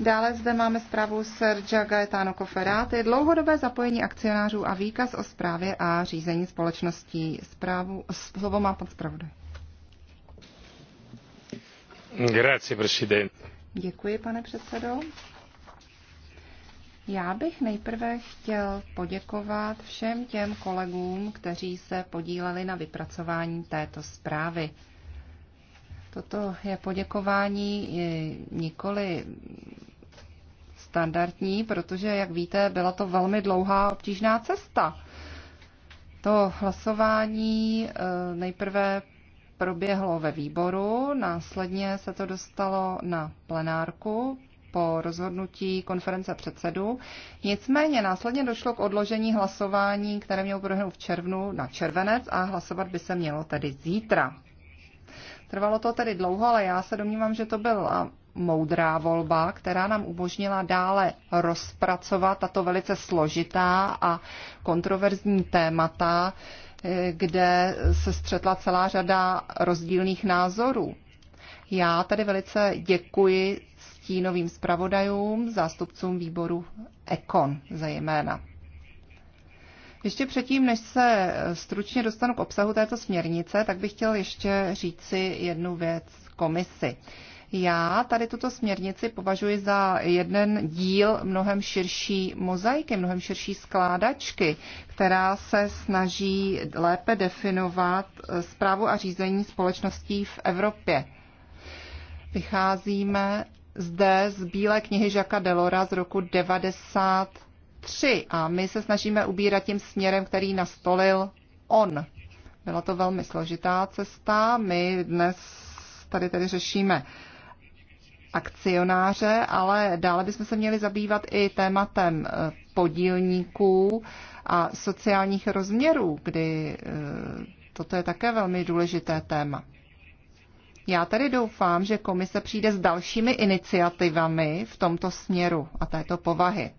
Dále zde máme zprávu Sergia Gaetano Koferáty, dlouhodobé zapojení akcionářů a výkaz o zprávě a řízení společností. Zprávu, slovo má pan zpravodaj. Děkuji, pane předsedo. Já bych nejprve chtěl poděkovat všem těm kolegům, kteří se podíleli na vypracování této zprávy. Toto je poděkování nikoli standardní, protože, jak víte, byla to velmi dlouhá obtížná cesta. To hlasování eh, nejprve proběhlo ve výboru, následně se to dostalo na plenárku po rozhodnutí konference předsedů. Nicméně následně došlo k odložení hlasování, které mělo proběhnout v červnu na červenec a hlasovat by se mělo tedy zítra. Trvalo to tedy dlouho, ale já se domnívám, že to byla moudrá volba, která nám umožnila dále rozpracovat tato velice složitá a kontroverzní témata, eh, kde se střetla celá řada rozdílných názorů. Já tady velice děkuji stínovým zpravodajům, zástupcům výboru EKON zejména. Ještě předtím, než se eh, stručně dostanu k obsahu této směrnice, tak bych chtěl ještě říci jednu věc komisi. Já tady tuto směrnici považuji za jeden díl mnohem širší mozaiky, mnohem širší skládačky, která se snaží lépe definovat zprávu eh, a řízení společností v Evropě. Vycházíme zde z Bílé knihy Žaka Delora z roku 90 Tři, a my se snažíme ubírat tím směrem, který nastolil on. Byla to velmi složitá cesta. My dnes tady tedy řešíme akcionáře, ale dále bychom se měli zabývat i tématem eh, podílníků a sociálních rozměrů, kdy eh, toto je také velmi důležité téma. Já tady doufám, že komise přijde s dalšími iniciativami v tomto směru a této povahy.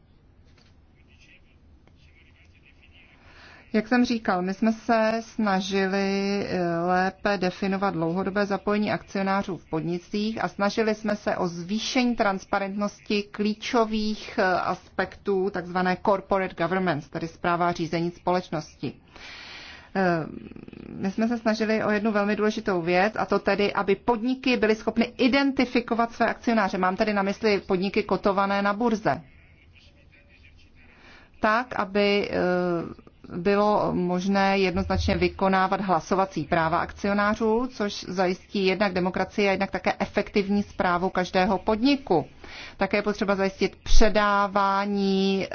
Jak jsem říkal, my jsme se snažili eh, lépe definovat dlouhodobé zapojení akcionářů v podnicích a snažili jsme se o zvýšení transparentnosti klíčových eh, aspektů tzv. corporate governance, tedy zpráva řízení společnosti. Eh, my jsme se snažili o jednu velmi důležitou věc, a to tedy, aby podniky byly schopny identifikovat své akcionáře. Mám tady na mysli podniky kotované na burze. Tak, aby bylo možné jednoznačně vykonávat hlasovací práva akcionářů, což zajistí jednak demokracii a jednak také efektivní zprávu každého podniku. Také je potřeba zajistit předávání e,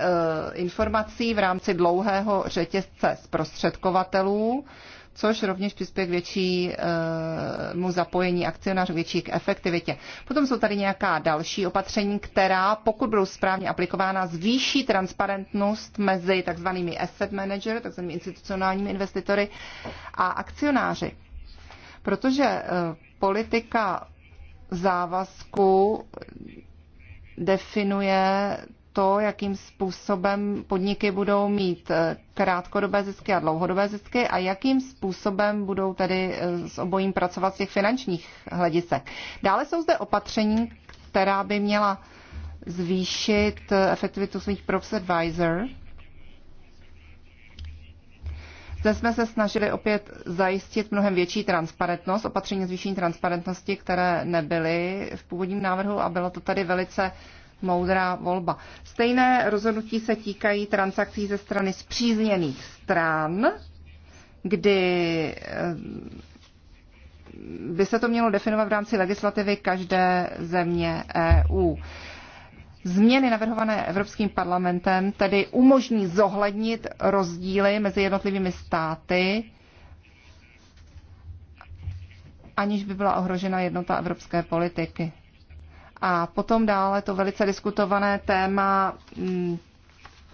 informací v rámci dlouhého řetězce zprostředkovatelů, což rovněž přispěje k většímu eh, zapojení akcionářů, větší k efektivitě. Potom jsou tady nějaká další opatření, která, pokud budou správně aplikována, zvýší transparentnost mezi takzvanými asset managery, takzvanými institucionálními investitory a akcionáři. Protože eh, politika závazku definuje to, jakým způsobem podniky budou mít eh, krátkodobé zisky a dlouhodobé zisky a jakým způsobem budou tedy eh, s obojím pracovat z těch finančních hledisek. Dále jsou zde opatření, která by měla zvýšit eh, efektivitu svých props advisor. Zde jsme se snažili opět zajistit mnohem větší transparentnost, opatření zvýšení transparentnosti, které nebyly v původním návrhu a bylo to tady velice uh, moudrá volba. Stejné rozhodnutí se týkají transakcí ze strany zpřízněných stran, kdy eh, by se to mělo definovat v rámci legislativy každé země EU. Změny navrhované Evropským parlamentem tedy umožní zohlednit rozdíly mezi jednotlivými státy, aniž by byla ohrožena jednota evropské politiky. A potom dále to velice diskutované téma mm,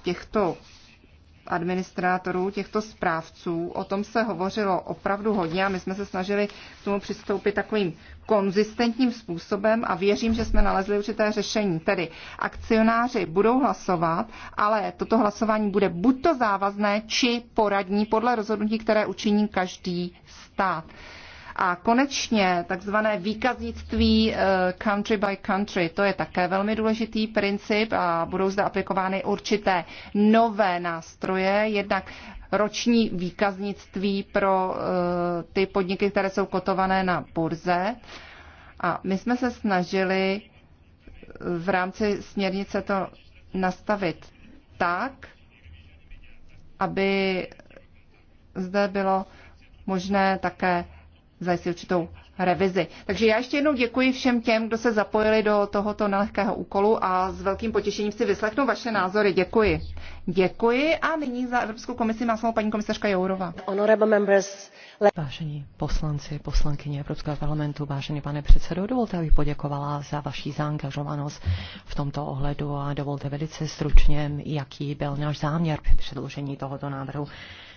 těchto administrátorů, těchto správců. O tom se hovořilo opravdu hodně a my jsme se snažili k tomu přistoupit takovým konzistentním způsobem a věřím, že jsme nalezli určité řešení. Tedy akcionáři budou hlasovat, ale toto hlasování bude buďto závazné, či poradní podle rozhodnutí, které učiní každý stát. A konečně takzvané výkaznictví eh, country by country, to je také velmi důležitý princip a budou zde aplikovány určité nové nástroje, jednak roční výkaznictví pro eh, ty podniky, které jsou kotované na burze. A my jsme se snažili eh, v rámci směrnice to nastavit tak, aby zde bylo možné také zajistit určitou revizi. Takže já ještě jednou děkuji všem těm, kdo se zapojili do tohoto nelehkého úkolu a s velkým potěšením si vyslechnu vaše názory. Děkuji. Děkuji a nyní za Evropskou komisi má slovo paní komisařka Jourova. Vážení poslanci, poslankyně Evropského parlamentu, vážený pane předsedo, dovolte, abych poděkovala za vaši zaangažovanost v tomto ohledu a dovolte velice stručně, jaký byl náš záměr při předložení tohoto návrhu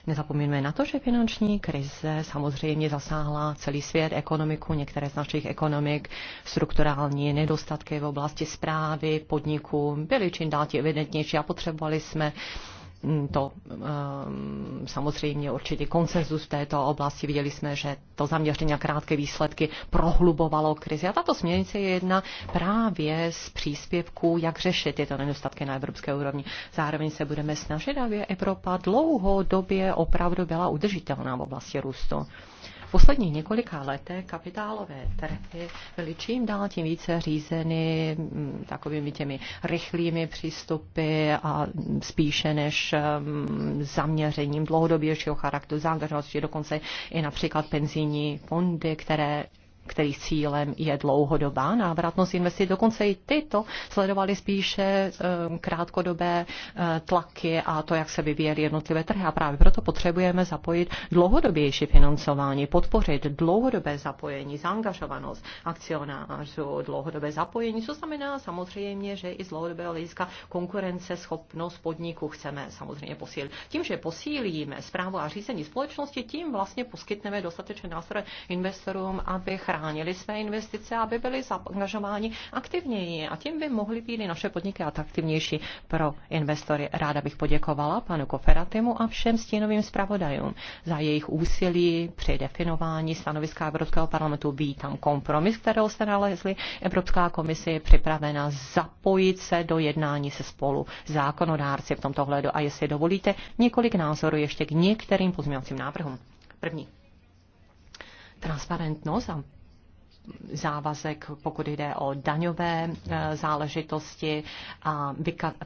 Nezapomeňme na to, že finanční krize samozřejmě zasáhla celý svět, ekonomiku, některé z našich ekonomik, strukturální nedostatky v oblasti zprávy, podniků byly čím dál tím evidentnější a potřebovali jsme Mm, to mm, samozřejmě určitý konsenzus v této oblasti. Viděli jsme, že to zaměření na krátké výsledky prohlubovalo krizi. A tato směrnice je jedna právě z příspěvků, jak řešit tyto nedostatky na evropské úrovni. Zároveň se budeme snažit, aby Evropa dlouhodobě opravdu byla udržitelná v oblasti růstu. V posledních několika letech kapitálové trhy byly čím dál tím více řízeny mm, takovými těmi rychlými přístupy a spíše než mm, zaměřením dlouhodobějšího charakteru, zaangažovanosti, dokonce i například penzijní fondy, které kterých cílem je dlouhodobá návratnost investic. Dokonce i tyto sledovali spíše eh, krátkodobé eh, tlaky a to, jak se vyvíjely jednotlivé trhy. A právě proto potřebujeme zapojit dlouhodobější financování, podpořit dlouhodobé zapojení, zaangažovanost akcionářů, dlouhodobé zapojení, co znamená samozřejmě, že i z dlouhodobého hlediska konkurenceschopnost podniku chceme samozřejmě posílit. Tím, že posílíme zprávu a řízení společnosti, tím vlastně poskytneme dostatečné nástroje investorům, aby chránili chránili své investice, aby byli zaangažováni aktivněji a tím by mohly být i naše podniky atraktivnější pro investory. Ráda bych poděkovala panu Koferatimu a všem stínovým zpravodajům za jejich úsilí při definování stanoviska Evropského parlamentu. Vítám kompromis, kterého jste nalezli. Evropská komise je připravena zapojit se do jednání se spolu zákonodárci v tomto hledu. A jestli dovolíte, několik názorů ještě k některým pozměňovacím návrhům. První transparentnost a závazek, pokud jde o daňové eh, záležitosti a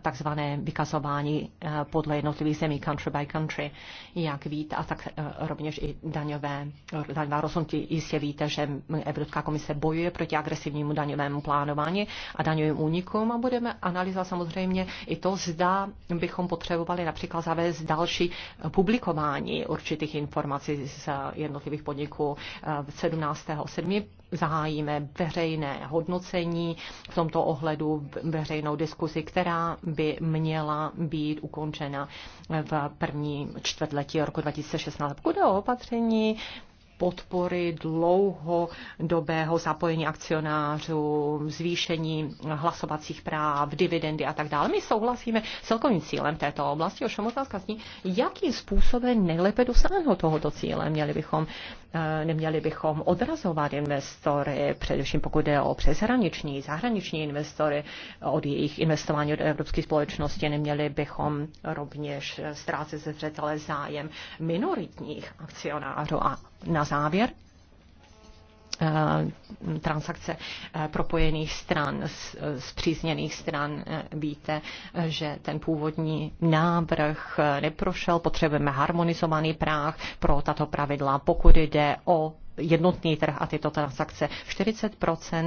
takzvané vykazování eh, podle jednotlivých zemí country by country, jak víte, a tak eh, rovněž i daňové, daňová rozhodnutí. Jistě víte, že Evropská komise bojuje proti agresivnímu daňovému plánování a daňovým únikům a budeme analyzovat samozřejmě i to, zda bychom potřebovali například zavést další publikování určitých informací z jednotlivých podniků 7 zahájíme veřejné hodnocení v tomto ohledu veřejnou diskusi, která by měla být ukončena v první čtvrtletí roku 2016. Pokud o opatření, podpory dlouhodobého zapojení akcionářů, zvýšení hlasovacích práv, dividendy a tak dále. My souhlasíme s celkovým cílem této oblasti, ovšem otázka zní, jakým způsobem nejlépe dosáhnout tohoto cíle. Měli bychom, eh, neměli bychom odrazovat investory, především pokud jde o přeshraniční, zahraniční investory od jejich investování do evropské společnosti, neměli bychom rovněž ztrácet ze zřetele zájem minoritních akcionářů a na závěr eh, transakce eh, propojených stran, eh, zpřízněných stran. Víte, že ten původní návrh neprošel, potřebujeme harmonizovaný práh pro tato pravidla, pokud jde o jednotný trh a tyto transakce. 40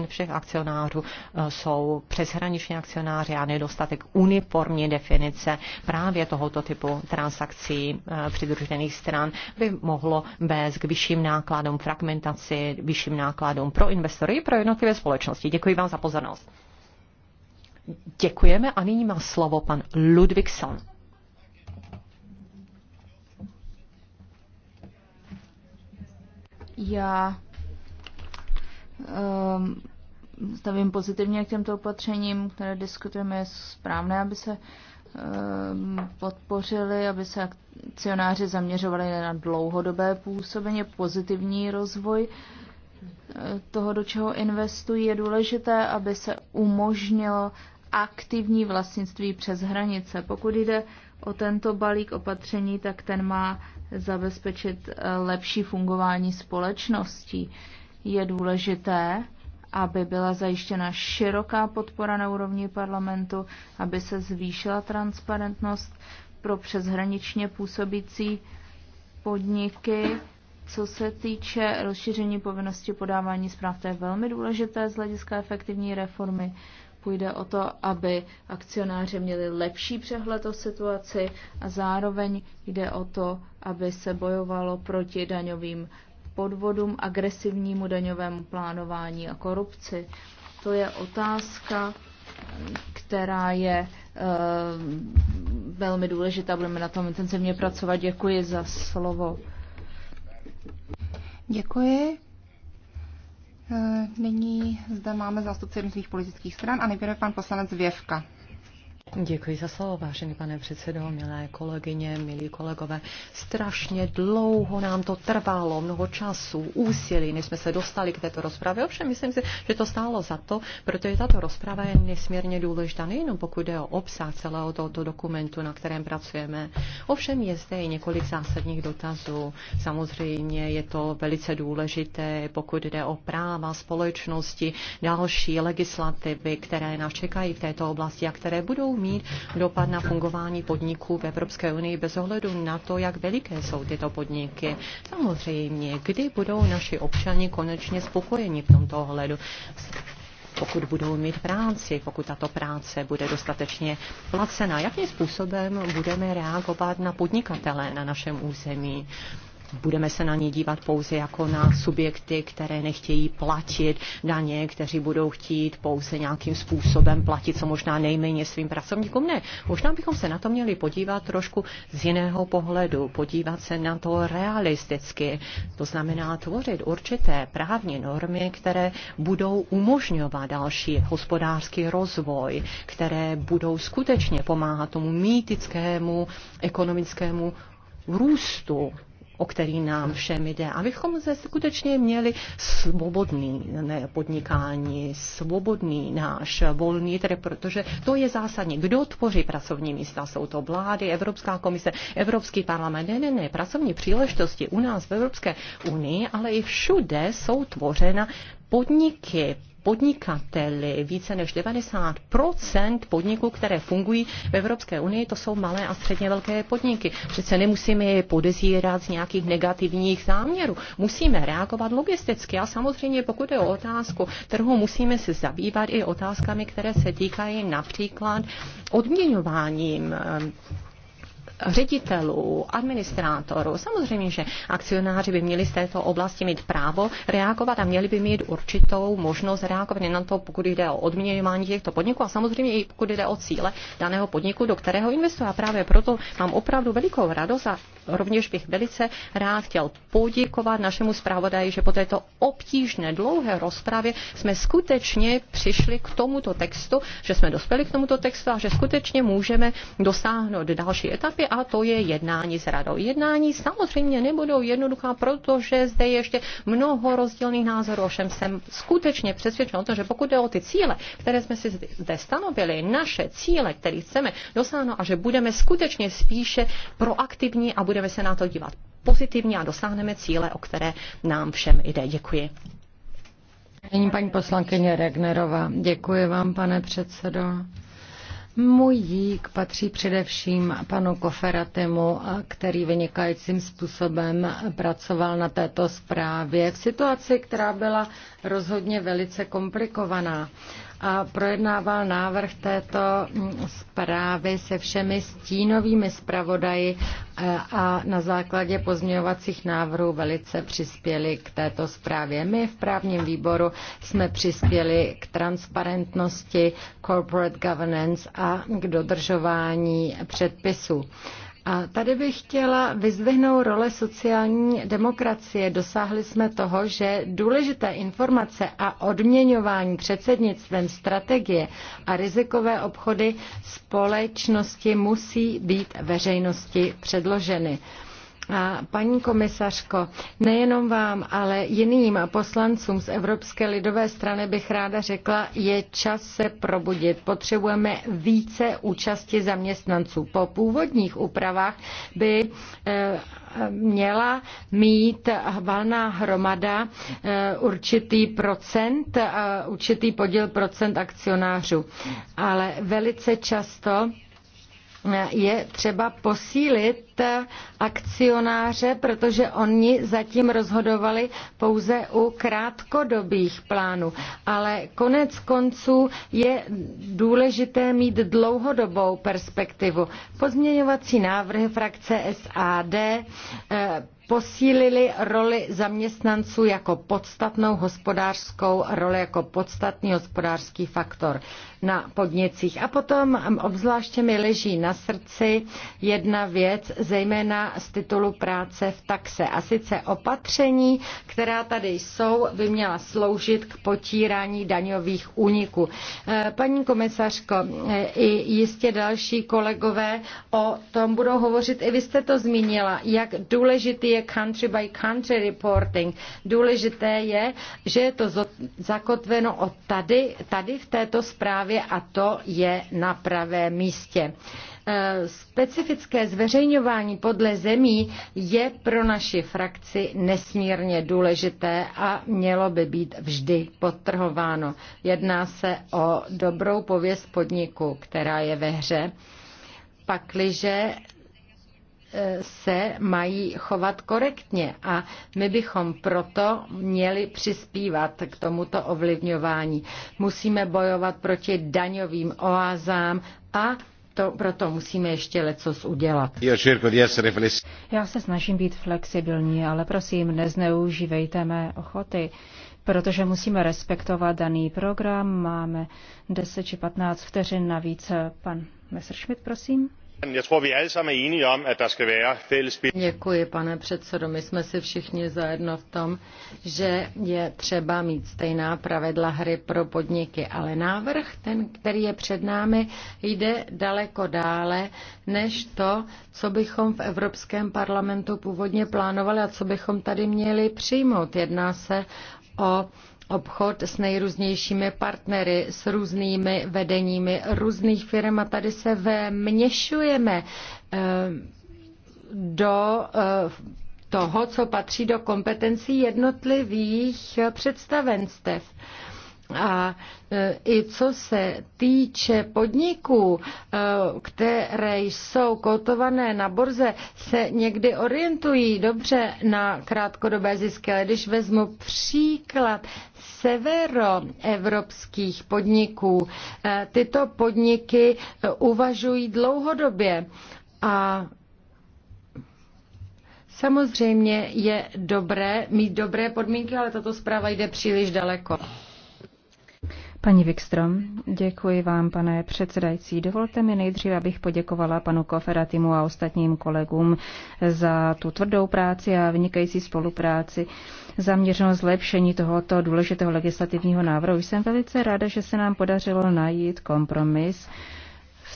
všech akcionářů e, jsou přeshraniční akcionáři a nedostatek uniformní definice právě tohoto typu transakcí e, přidružených stran by mohlo vést k vyšším nákladům, fragmentaci, vyšším nákladům pro investory i pro jednotlivé společnosti. Děkuji vám za pozornost. Děkujeme a nyní má slovo pan Ludvíkson. Já um, stavím pozitivně k těmto opatřením, které diskutujeme, je správné, aby se um, podpořili, aby se akcionáři zaměřovali na dlouhodobé působení, pozitivní rozvoj eh, toho, do čeho investují. Je důležité, aby se umožnilo aktivní vlastnictví přes hranice. Pokud jde o tento balík opatření, tak ten má zabezpečit eh, lepší fungování společnosti Je důležité, aby byla zajištěna široká podpora na úrovni parlamentu, aby se zvýšila transparentnost pro přeshraničně působící podniky. Co se týče rozšíření povinnosti podávání zpráv, to je velmi důležité z hlediska efektivní reformy Půjde o to, aby akcionáři měli lepší přehled o situaci a zároveň jde o to, aby se bojovalo proti daňovým podvodům, agresivnímu daňovému plánování a korupci. To je otázka, která je e, velmi důležitá. Budeme na tom intenzivně pracovat. Děkuji za slovo. Děkuji. Eh, nyní zde máme zástupce jednotlivých politických stran a nejprve pan poslanec Věvka. Děkuji za slovo, vážený pane předsedo, milé kolegyně, milí kolegové. Strašně dlouho nám to trvalo, mnoho času, úsilí, než jsme se dostali k této rozpravě. Ovšem, myslím si, že to stálo za to, protože tato rozprava je nesmírně důležitá, nejenom pokud jde o obsah celého tohoto dokumentu, na kterém pracujeme. Ovšem, je zde i několik zásadních dotazů. Samozřejmě je to velice důležité, pokud jde o práva společnosti, další legislativy, které nás čekají v této oblasti a které budou mít dopad na fungování podniků v Evropské unii bez ohledu na to, jak veliké jsou tyto podniky. Samozřejmě, kdy budou naši občani konečně spokojeni v tomto ohledu pokud budou mít práci, pokud tato práce bude dostatečně placena, jakým způsobem budeme reagovat na podnikatele na našem území budeme se na ně dívat pouze jako na subjekty, které nechtějí platit daně, kteří budou chtít pouze nějakým způsobem platit co možná nejméně svým pracovníkům. Ne, možná bychom se na to měli podívat trošku z jiného pohledu, podívat se na to realisticky, to znamená tvořit určité právní normy, které budou umožňovat další hospodářský rozvoj, které budou skutečně pomáhat tomu mýtickému ekonomickému růstu o který nám všem jde. Abychom se skutečně měli svobodný ne podnikání, svobodný náš volný trh, protože to je zásadní. Kdo tvoří pracovní místa? Jsou to vlády, Evropská komise, Evropský parlament. Ne, ne, ne. Pracovní příležitosti u nás v Evropské unii, ale i všude jsou tvořena podniky, podnikateli. Více než 90 podniků, které fungují v Evropské unii, to jsou malé a středně velké podniky. Přece nemusíme je podezírat z nějakých negativních záměrů. Musíme reagovat logisticky a samozřejmě, pokud je o otázku trhu, musíme se zabývat i otázkami, které se týkají například odměňováním ředitelů, administrátorů. Samozřejmě, že akcionáři by měli z této oblasti mít právo reagovat a měli by mít určitou možnost reagovat na to, pokud jde o odměňování těchto podniků a samozřejmě i pokud jde o cíle daného podniku, do kterého investuje. A právě proto mám opravdu velikou radost a rovněž bych velice rád chtěl poděkovat našemu zpravodaji, že po této obtížné dlouhé rozpravě jsme skutečně přišli k tomuto textu, že jsme dospěli k tomuto textu a že skutečně můžeme dosáhnout další etapy a to je jednání s radou. Jednání samozřejmě nebudou jednoduchá, protože zde je ještě mnoho rozdílných názorů. Ovšem jsem skutečně přesvědčen o tom, že pokud jde o ty cíle, které jsme si zde stanovili, naše cíle, které chceme dosáhnout a že budeme skutečně spíše proaktivní a budeme se na to dívat pozitivně a dosáhneme cíle, o které nám všem jde. Děkuji. Nyní paní poslankyně Regnerová. Děkuji vám, pane předsedo. Můj dík patří především panu Koferatemu, který vynikajícím způsobem pracoval na této zprávě v situaci, která byla rozhodně velice komplikovaná a projednával návrh této mm, zprávy se všemi stínovými zpravodaji e, a na základě pozměňovacích návrhů velice přispěli k této zprávě. My v právním výboru jsme přispěli k transparentnosti corporate governance a k dodržování předpisů. A tady bych chtěla vyzvihnout role sociální demokracie. Dosáhli jsme toho, že důležité informace a odměňování předsednictvem strategie a rizikové obchody společnosti musí být veřejnosti předloženy. A paní komisařko, nejenom vám, ale jiným poslancům z Evropské lidové strany bych ráda řekla, je čas se probudit. Potřebujeme více účasti zaměstnanců. Po původních úpravách by eh, měla mít valná hromada eh, určitý procent, eh, určitý podíl procent akcionářů. Ale velice často je třeba posílit akcionáře, protože oni zatím rozhodovali pouze u krátkodobých plánů. Ale konec konců je důležité mít dlouhodobou perspektivu. Pozměňovací návrhy frakce SAD eh, posílili roli zaměstnanců jako podstatnou hospodářskou roli, jako podstatný hospodářský faktor na podnicích. A potom obzvláště mi leží na srdci jedna věc, zejména z titulu práce v taxe. A sice opatření, která tady jsou, by měla sloužit k potírání daňových úniků. Eh, paní komisařko, eh, i jistě další kolegové o tom budou hovořit. I vy jste to zmínila, jak důležitý je country by country reporting. Důležité je, že je to zakotveno od tady, tady v této zprávě a to je na pravé místě. Eh, specifické zveřejňování podle zemí je pro naši frakci nesmírně důležité a mělo by být vždy podtrhováno. Jedná se o dobrou pověst podniku, která je ve hře. Pakliže eh, se mají chovat korektně a my bychom proto měli přispívat k tomuto ovlivňování. Musíme bojovat proti daňovým oázám a to, proto musíme ještě leco udělat. Já se snažím být flexibilní, ale prosím, nezneužívejte mé ochoty, protože musíme respektovat daný program. Máme 10 či 15 vteřin navíc. Pan Messerschmidt, prosím. Děkuji, pane předsedo. My jsme si všichni zajedno v tom, že je třeba mít stejná pravidla hry pro podniky, ale návrh, ten, který je před námi, jde daleko dále než to, co bychom v Evropském parlamentu původně plánovali a co bychom tady měli přijmout. Jedná se o obchod s nejrůznějšími partnery, s různými vedeními různých firm a tady se vměšujeme eh, do eh, toho, co patří do kompetencí jednotlivých eh, představenstev. A e, i co se týče podniků, e, které jsou kotované na borze, se někdy orientují dobře na krátkodobé zisky. Ale když vezmu příklad severoevropských podniků, e, tyto podniky uvažují dlouhodobě. A samozřejmě je dobré mít dobré podmínky, ale tato zpráva jde příliš daleko. Paní Wikstrom, děkuji vám, pane předsedající. Dovolte mi nejdříve, abych poděkovala panu Koferatimu a ostatním kolegům za tu tvrdou práci a vynikající spolupráci zaměřenou zlepšení tohoto důležitého legislativního návrhu. Jsem velice ráda, že se nám podařilo najít kompromis,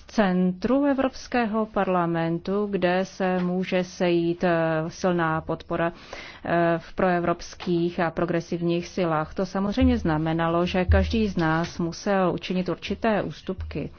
centru Evropského parlamentu, kde se může sejít eh, silná podpora eh, v proevropských a progresivních silách. To samozřejmě znamenalo, že každý z nás musel učinit určité ústupky.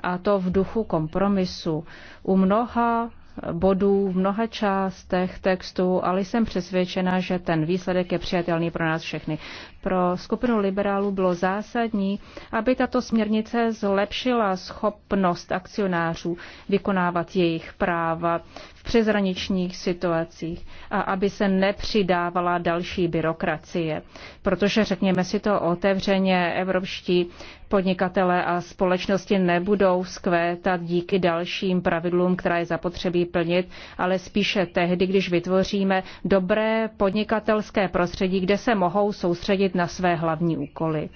A to v duchu kompromisu. U mnoha bodů v mnoha částech textu, ale jsem přesvědčena, že ten výsledek je přijatelný pro nás všechny. Pro skupinu liberálů bylo zásadní, aby tato směrnice zlepšila schopnost akcionářů vykonávat jejich práva přezraničních situacích a aby se nepřidávala další byrokracie. Protože řekněme si to otevřeně, evropští podnikatele a společnosti nebudou skvétat díky dalším pravidlům, která je zapotřebí plnit, ale spíše tehdy, když vytvoříme dobré podnikatelské prostředí, kde se mohou soustředit na své hlavní úkoly.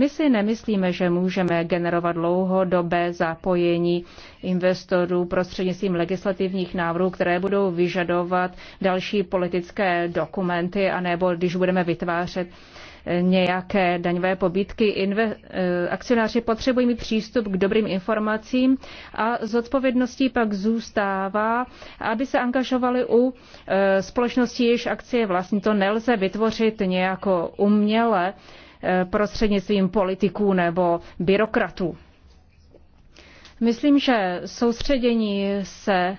My si nemyslíme, že můžeme generovat dlouhodobé zapojení investorů prostřednictvím legislativních návrhů, které budou vyžadovat další politické dokumenty, anebo když budeme vytvářet eh, nějaké daňové pobídky. Inve, eh, akcionáři potřebují mít přístup k dobrým informacím a zodpovědností pak zůstává, aby se angažovali u eh, společnosti, jejíž akcie vlastně To nelze vytvořit nějako uměle prostřednictvím politiků nebo byrokratů. Myslím, že soustředění se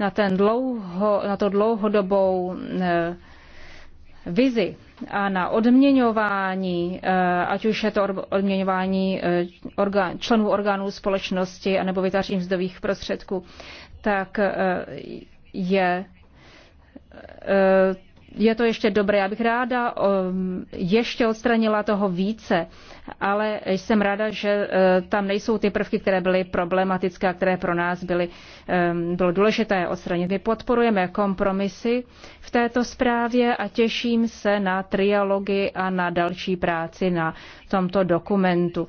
na, ten dlouho, na to dlouhodobou eh, vizi a na odměňování, eh, ať už je to odměňování eh, orgán, členů orgánů společnosti anebo vytváření mzdových prostředků, tak je je to ještě dobré. Já bych ráda um, ještě odstranila toho více, ale jsem ráda, že uh, tam nejsou ty prvky, které byly problematické a které pro nás byly, um, bylo důležité odstranit. My podporujeme kompromisy v této zprávě a těším se na trialogy a na další práci na tomto dokumentu.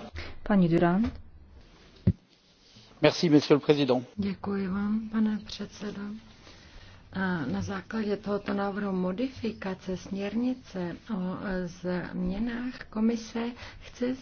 Paní Merci, monsieur le président. Děkuji vám, pane předsedo. A na základě tohoto návrhu modifikace směrnice o změnách komise chce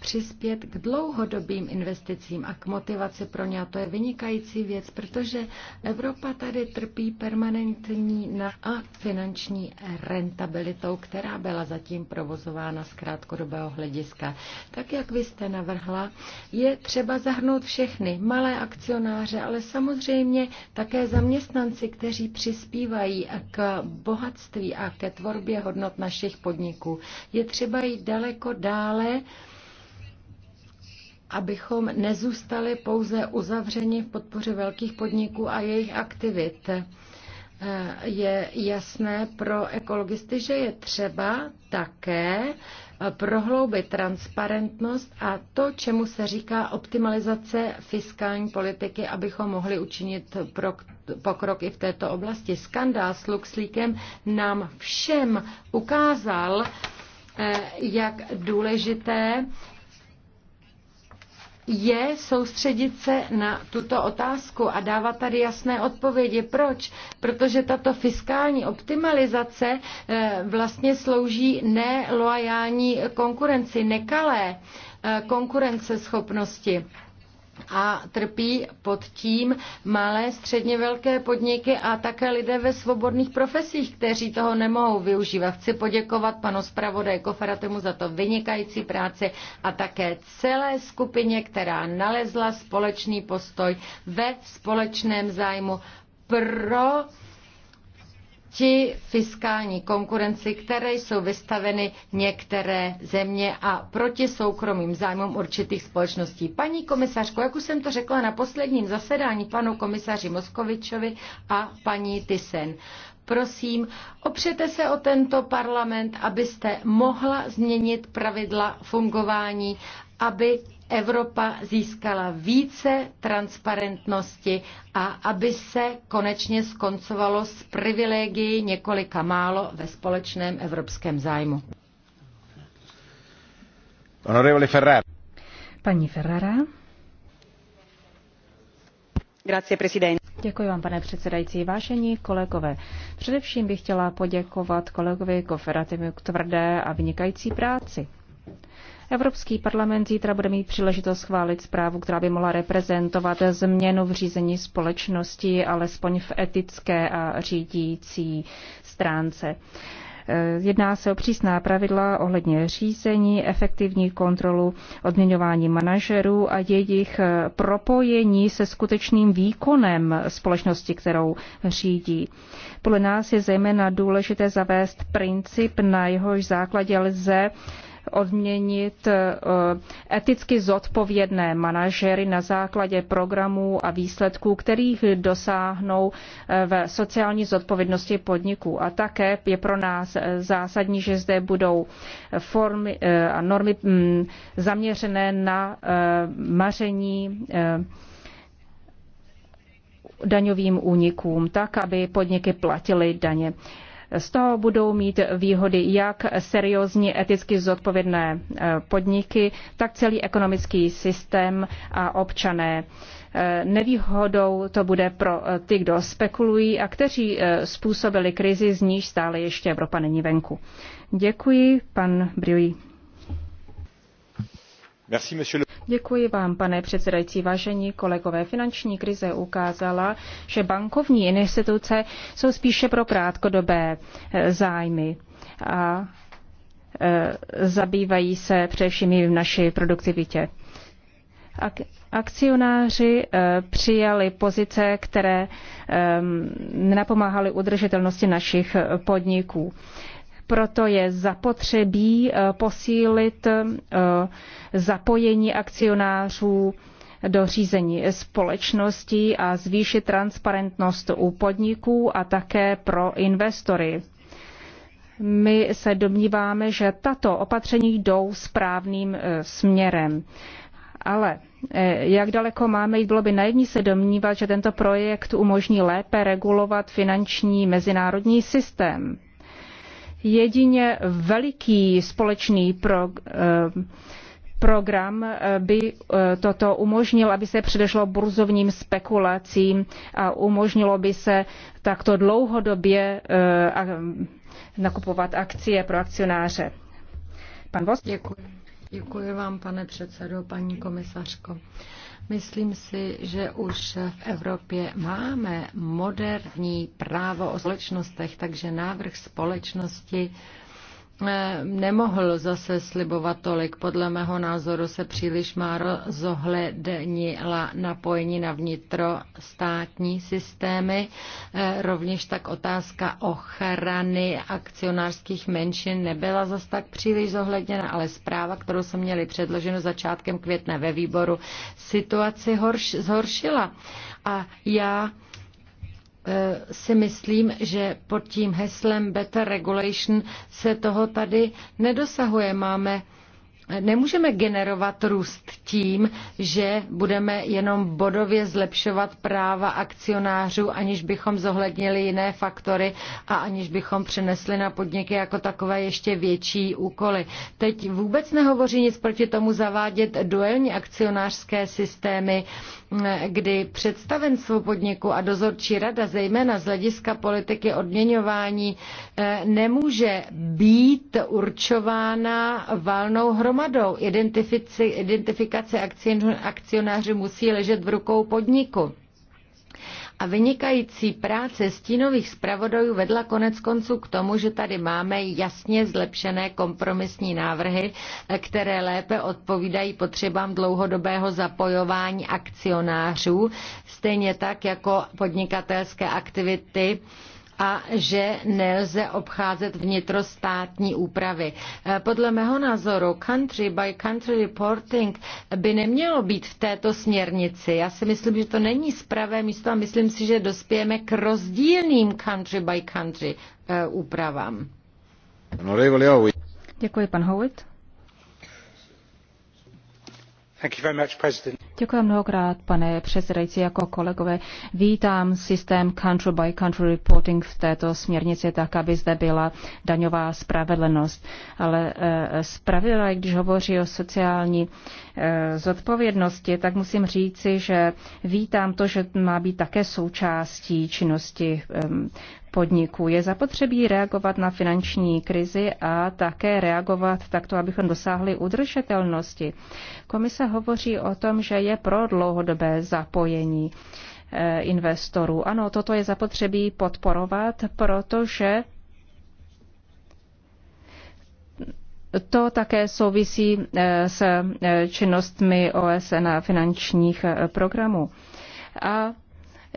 přispět k dlouhodobým investicím a k motivaci pro ně. A to je vynikající věc, protože Evropa tady trpí permanentní na a finanční rentabilitou, která byla zatím provozována z krátkodobého hlediska. Tak, jak vy jste navrhla, je třeba zahrnout všechny, malé akcionáře, ale samozřejmě také zaměstnanci, kteří přispívají k bohatství a ke tvorbě hodnot našich podniků. Je třeba jít daleko dále, abychom nezůstali pouze uzavřeni v podpoře velkých podniků a jejich aktivit. Eh, je jasné pro ekologisty, že je třeba také eh, prohloubit transparentnost a to, čemu se říká optimalizace fiskální politiky, abychom mohli učinit pokrok i v této oblasti. Skandál s Luxlíkem nám všem ukázal, eh, jak důležité je soustředit se na tuto otázku a dávat tady jasné odpovědi. Proč? Protože tato fiskální optimalizace eh, vlastně slouží neloajální konkurenci, nekalé eh, konkurenceschopnosti a trpí pod tím malé, středně velké podniky a také lidé ve svobodných profesích, kteří toho nemohou využívat. Chci poděkovat panu zpravodé Koferatemu za to vynikající práci a také celé skupině, která nalezla společný postoj ve společném zájmu pro fiskální konkurenci, které jsou vystaveny některé země a proti soukromým zájmům určitých společností. Paní komisařko, jak už jsem to řekla na posledním zasedání panu komisaři Moskovičovi a paní Tysen, prosím, opřete se o tento parlament, abyste mohla změnit pravidla fungování aby Evropa získala více transparentnosti a aby se konečně skoncovalo s privilegií několika málo ve společném evropském zájmu. Honorable Ferrara. Paní Ferrara. Grazie, presidente. Děkuji vám, pane předsedající. Vážení kolegové, především bych chtěla poděkovat kolegovi Koferatimu k tvrdé a vynikající práci. Evropský parlament zítra bude mít příležitost schválit zprávu, která by mohla reprezentovat změnu v řízení společnosti, alespoň v etické a řídící stránce. Eh, jedná se o přísná pravidla ohledně řízení, efektivní kontrolu odměňování manažerů a jejich eh, propojení se skutečným výkonem společnosti, kterou řídí. Podle nás je zejména důležité zavést princip, na jehož základě lze odměnit eh, eticky zodpovědné manažery na základě programů a výsledků, kterých dosáhnou eh, v sociální zodpovědnosti podniků. A také je pro nás eh, zásadní, že zde budou formy a normy mm, zaměřené na maření daňovým únikům, tak aby podniky platily daně. Z toho budou mít výhody jak seriózní eticky zodpovědné eh, podniky, tak celý ekonomický systém a občané. Eh, nevýhodou to bude pro eh, ty, kdo spekulují a kteří způsobili krizi, z níž stále ještě Evropa není venku. Děkuji, pan Briuji. Děkuji vám, pane předsedající. Vážení kolegové, finanční krize ukázala, že bankovní instituce jsou spíše pro krátkodobé e, zájmy a e, zabývají se především i v naší produktivitě. Ak- akcionáři e, přijali pozice, které napomáhaly udržitelnosti našich podniků. Proto je zapotřebí eh, posílit eh, zapojení akcionářů do řízení společnosti a zvýšit transparentnost u podniků a také pro investory. My se domníváme, že tato opatření jdou správným eh, směrem. Ale jak daleko máme jít, bylo by naivní se domnívat, že tento projekt umožní lépe regulovat finanční mezinárodní systém. Jedině veliký společný pro, eh, program eh, by eh, toto umožnil, aby se předešlo burzovním spekulacím a umožnilo by se takto dlouhodobě nakupovat akcie pro akcionáře. Pan Vos? Děkuji. Děkuji vám, pane předsedo, paní komisařko. Myslím si, že už v Evropě máme moderní právo o společnostech, takže návrh společnosti Eh, nemohl zase slibovat tolik. Podle mého názoru se příliš málo zohlednila napojení na vnitrostátní systémy. Eh, rovněž tak otázka ochrany akcionářských menšin nebyla zase tak příliš zohledněna, ale zpráva, kterou jsme měli předloženo začátkem května ve výboru, situaci horš- zhoršila. A já Eh, si myslím, že pod tím heslem Better Regulation se toho tady nedosahuje. Máme Nemůžeme generovat růst tím, že budeme jenom bodově zlepšovat práva akcionářů, aniž bychom zohlednili jiné faktory a aniž bychom přenesli na podniky jako takové ještě větší úkoly. Teď vůbec nehovoří nic proti tomu zavádět duelní akcionářské systémy, kdy představenstvo podniku a dozorčí rada, zejména z hlediska politiky odměňování, nemůže být určována valnou hromadou hromadou. Identifikace akcionáři musí ležet v rukou podniku. A vynikající práce stínových zpravodajů vedla konec konců k tomu, že tady máme jasně zlepšené kompromisní návrhy, které lépe odpovídají potřebám dlouhodobého zapojování akcionářů, stejně tak jako podnikatelské aktivity a že nelze obcházet vnitrostátní úpravy. E, podle mého názoru country by country reporting by nemělo být v této směrnici. Já si myslím, že to není spravé místo a myslím si, že dospějeme k rozdílným country by country e, úpravám. Děkuji, pan Howitt. Děkuji mnohokrát, pane předsedající. Jako kolegové vítám systém country by country reporting v této směrnici tak, aby zde byla daňová spravedlnost. Ale spravedlivá, eh, když hovoří o sociální eh, zodpovědnosti, tak musím říci, že vítám to, že má být také součástí činnosti eh, podniků. Je zapotřebí reagovat na finanční krizi a také reagovat takto, abychom dosáhli udržitelnosti. Komise hovoří o tom, že je pro dlouhodobé zapojení eh, investorů. Ano, toto je zapotřebí podporovat, protože To také souvisí eh, s eh, činnostmi OSN a finančních programů. A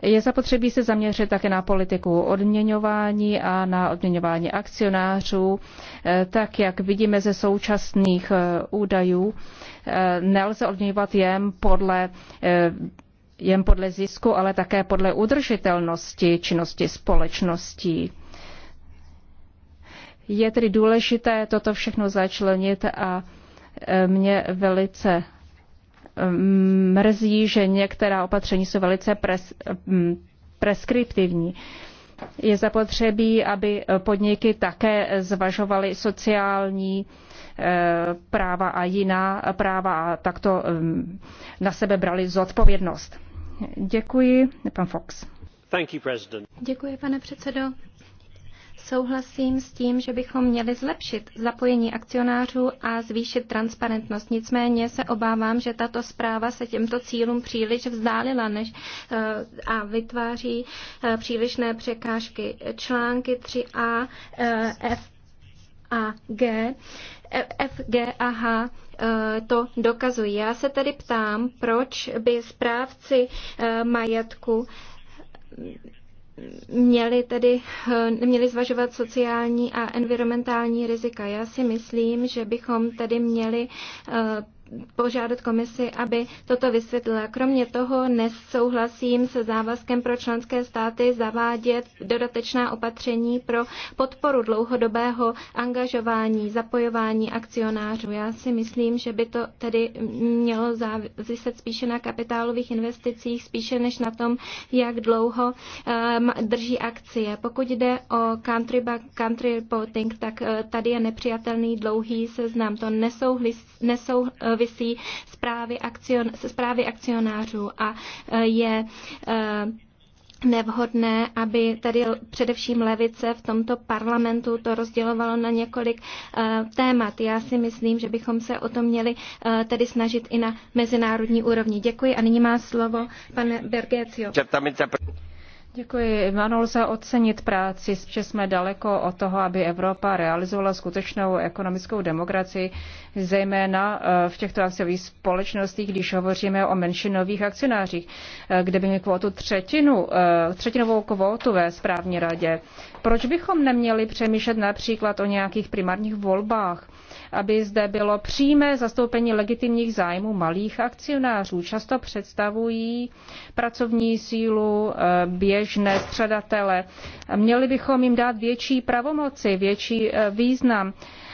je zapotřebí se zaměřit také na politiku odměňování a na odměňování akcionářů. Eh, tak, jak vidíme ze současných eh, údajů, eh, nelze odměňovat jen podle jen podle zisku, ale také podle udržitelnosti činnosti společností. Je tedy důležité toto všechno začlenit a mě velice mrzí, že některá opatření jsou velice pres, mm, preskriptivní. Je zapotřebí, aby podniky také zvažovaly sociální e, práva a jiná práva a takto e, na sebe brali zodpovědnost. Děkuji, pan Fox. Děkuji, pane předsedo. Souhlasím s tím, že bychom měli zlepšit zapojení akcionářů a zvýšit transparentnost. Nicméně se obávám, že tato zpráva se těmto cílům příliš vzdálila než, eh, a vytváří eh, přílišné překážky. Články 3a, eh, F a G, e, F, G a H to dokazují. Já se tedy ptám, proč by správci majetku měli tedy měli zvažovat sociální a environmentální rizika. Já si myslím, že bychom tedy měli eh, požádat komisi, aby toto vysvětlila. Kromě toho nesouhlasím se závazkem pro členské státy zavádět dodatečná opatření pro podporu dlouhodobého angažování, zapojování akcionářů. Já si myslím, že by to tedy mělo záviset spíše na kapitálových investicích, spíše než na tom, jak dlouho eh, drží akcie. Pokud jde o country by country reporting, tak eh, tady je nepřijatelný dlouhý seznam. To nesouhlasí nesou, eh, souvisí s právy, akcion, s právy akcionářů a e, je e, nevhodné, aby tady především levice v tomto parlamentu to rozdělovalo na několik e, témat. Já si myslím, že bychom se o to měli tedy snažit i na mezinárodní úrovni. Děkuji a nyní má slovo pane Bergecio. Děkuji. Ano, lze ocenit práci, že jsme daleko od toho, aby Evropa realizovala skutečnou ekonomickou demokracii, zejména eh, v těchto akciových společnostech, když hovoříme o menšinových akcionářích, eh, kde by měl kvotu třetinu, eh, třetinovou kvotu ve správní radě. Proč bychom neměli přemýšlet například o nějakých primárních volbách? aby zde bylo přímé zastoupení legitimních zájmů malých akcionářů. Často představují pracovní sílu eh, běžné středatele. Měli bychom jim dát větší pravomoci, větší eh, význam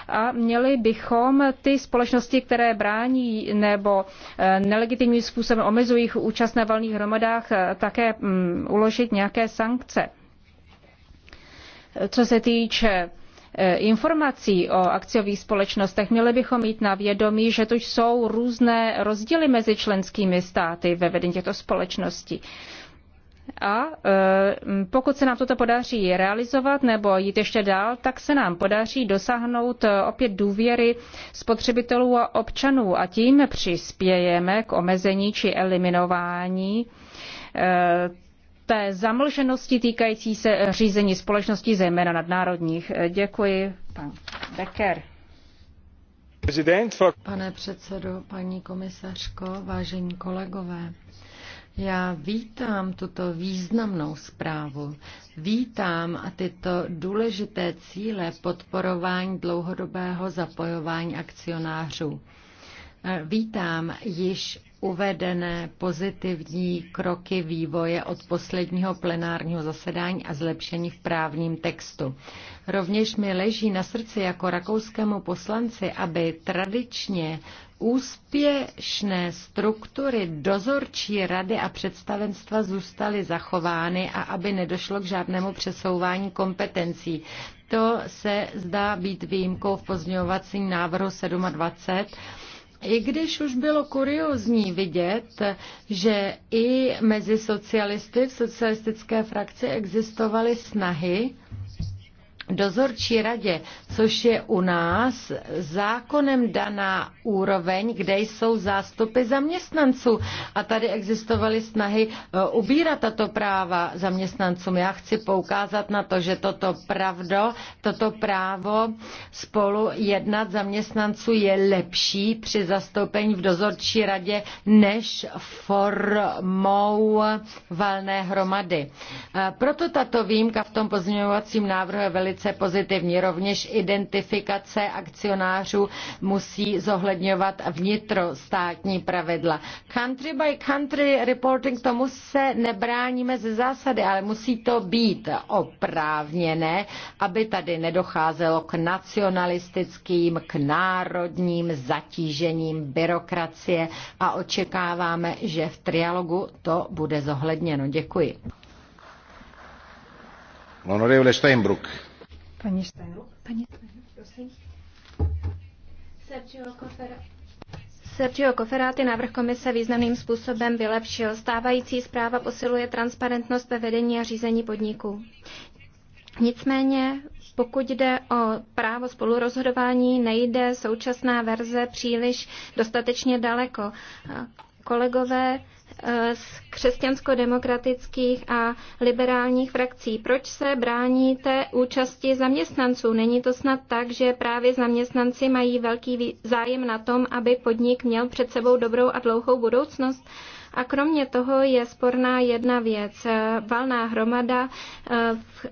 a měli bychom ty společnosti, které brání nebo eh, nelegitimním způsobem omezují účast na valných hromadách, také mm, uložit nějaké sankce. Co se týče Eh, informací o akciových společnostech, měli bychom mít na vědomí, že tu jsou různé rozdíly mezi členskými státy ve vedení těchto společností. A eh, pokud se nám toto podaří realizovat nebo jít ještě dál, tak se nám podaří dosáhnout eh, opět důvěry spotřebitelů a občanů a tím přispějeme k omezení či eliminování té zamlženosti týkající se řízení společností, zejména nadnárodních. Děkuji, pan Becker. Pane předsedo, paní komisařko, vážení kolegové, já vítám tuto významnou zprávu. Vítám a tyto důležité cíle podporování dlouhodobého zapojování akcionářů. Vítám již uvedené pozitivní kroky vývoje od posledního plenárního zasedání a zlepšení v právním textu. Rovněž mi leží na srdci jako rakouskému poslanci, aby tradičně úspěšné struktury dozorčí rady a představenstva zůstaly zachovány a aby nedošlo k žádnému přesouvání kompetencí. To se zdá být výjimkou v pozměňovacím návrhu 27 i když už bylo kuriozní vidět, že i mezi socialisty v socialistické frakci existovaly snahy dozorčí radě, což je u nás zákonem daná úroveň, kde jsou zástupy zaměstnanců. A tady existovaly snahy e, ubírat tato práva zaměstnancům. Já chci poukázat na to, že toto pravdo, toto právo spolu jednat zaměstnanců je lepší při zastoupení v dozorčí radě než formou valné hromady. E, proto tato výjimka v tom pozměňovacím návrhu je velice velice pozitivní. Rovněž identifikace akcionářů musí zohledňovat vnitrostátní pravidla. Country by country reporting tomu se nebráníme ze zásady, ale musí to být oprávněné, aby tady nedocházelo k nacionalistickým, k národním zatížením byrokracie a očekáváme, že v trialogu to bude zohledněno. Děkuji. Honorable Steinbrück. Paní Steinruck, paní Steinruck, prosím. Sergio Kofera. Sergio Koferáty návrh komise významným způsobem vylepšil. Stávající zpráva posiluje transparentnost ve vedení a řízení podniků. Nicméně, pokud jde o právo spolurozhodování, nejde současná verze příliš dostatečně daleko. Kolegové Eh, z křesťansko-demokratických a liberálních frakcí. Proč se bráníte účasti zaměstnanců? Není to snad tak, že právě zaměstnanci mají velký zájem na tom, aby podnik měl před sebou dobrou a dlouhou budoucnost? A kromě toho je sporná jedna věc. Eh, valná hromada eh, v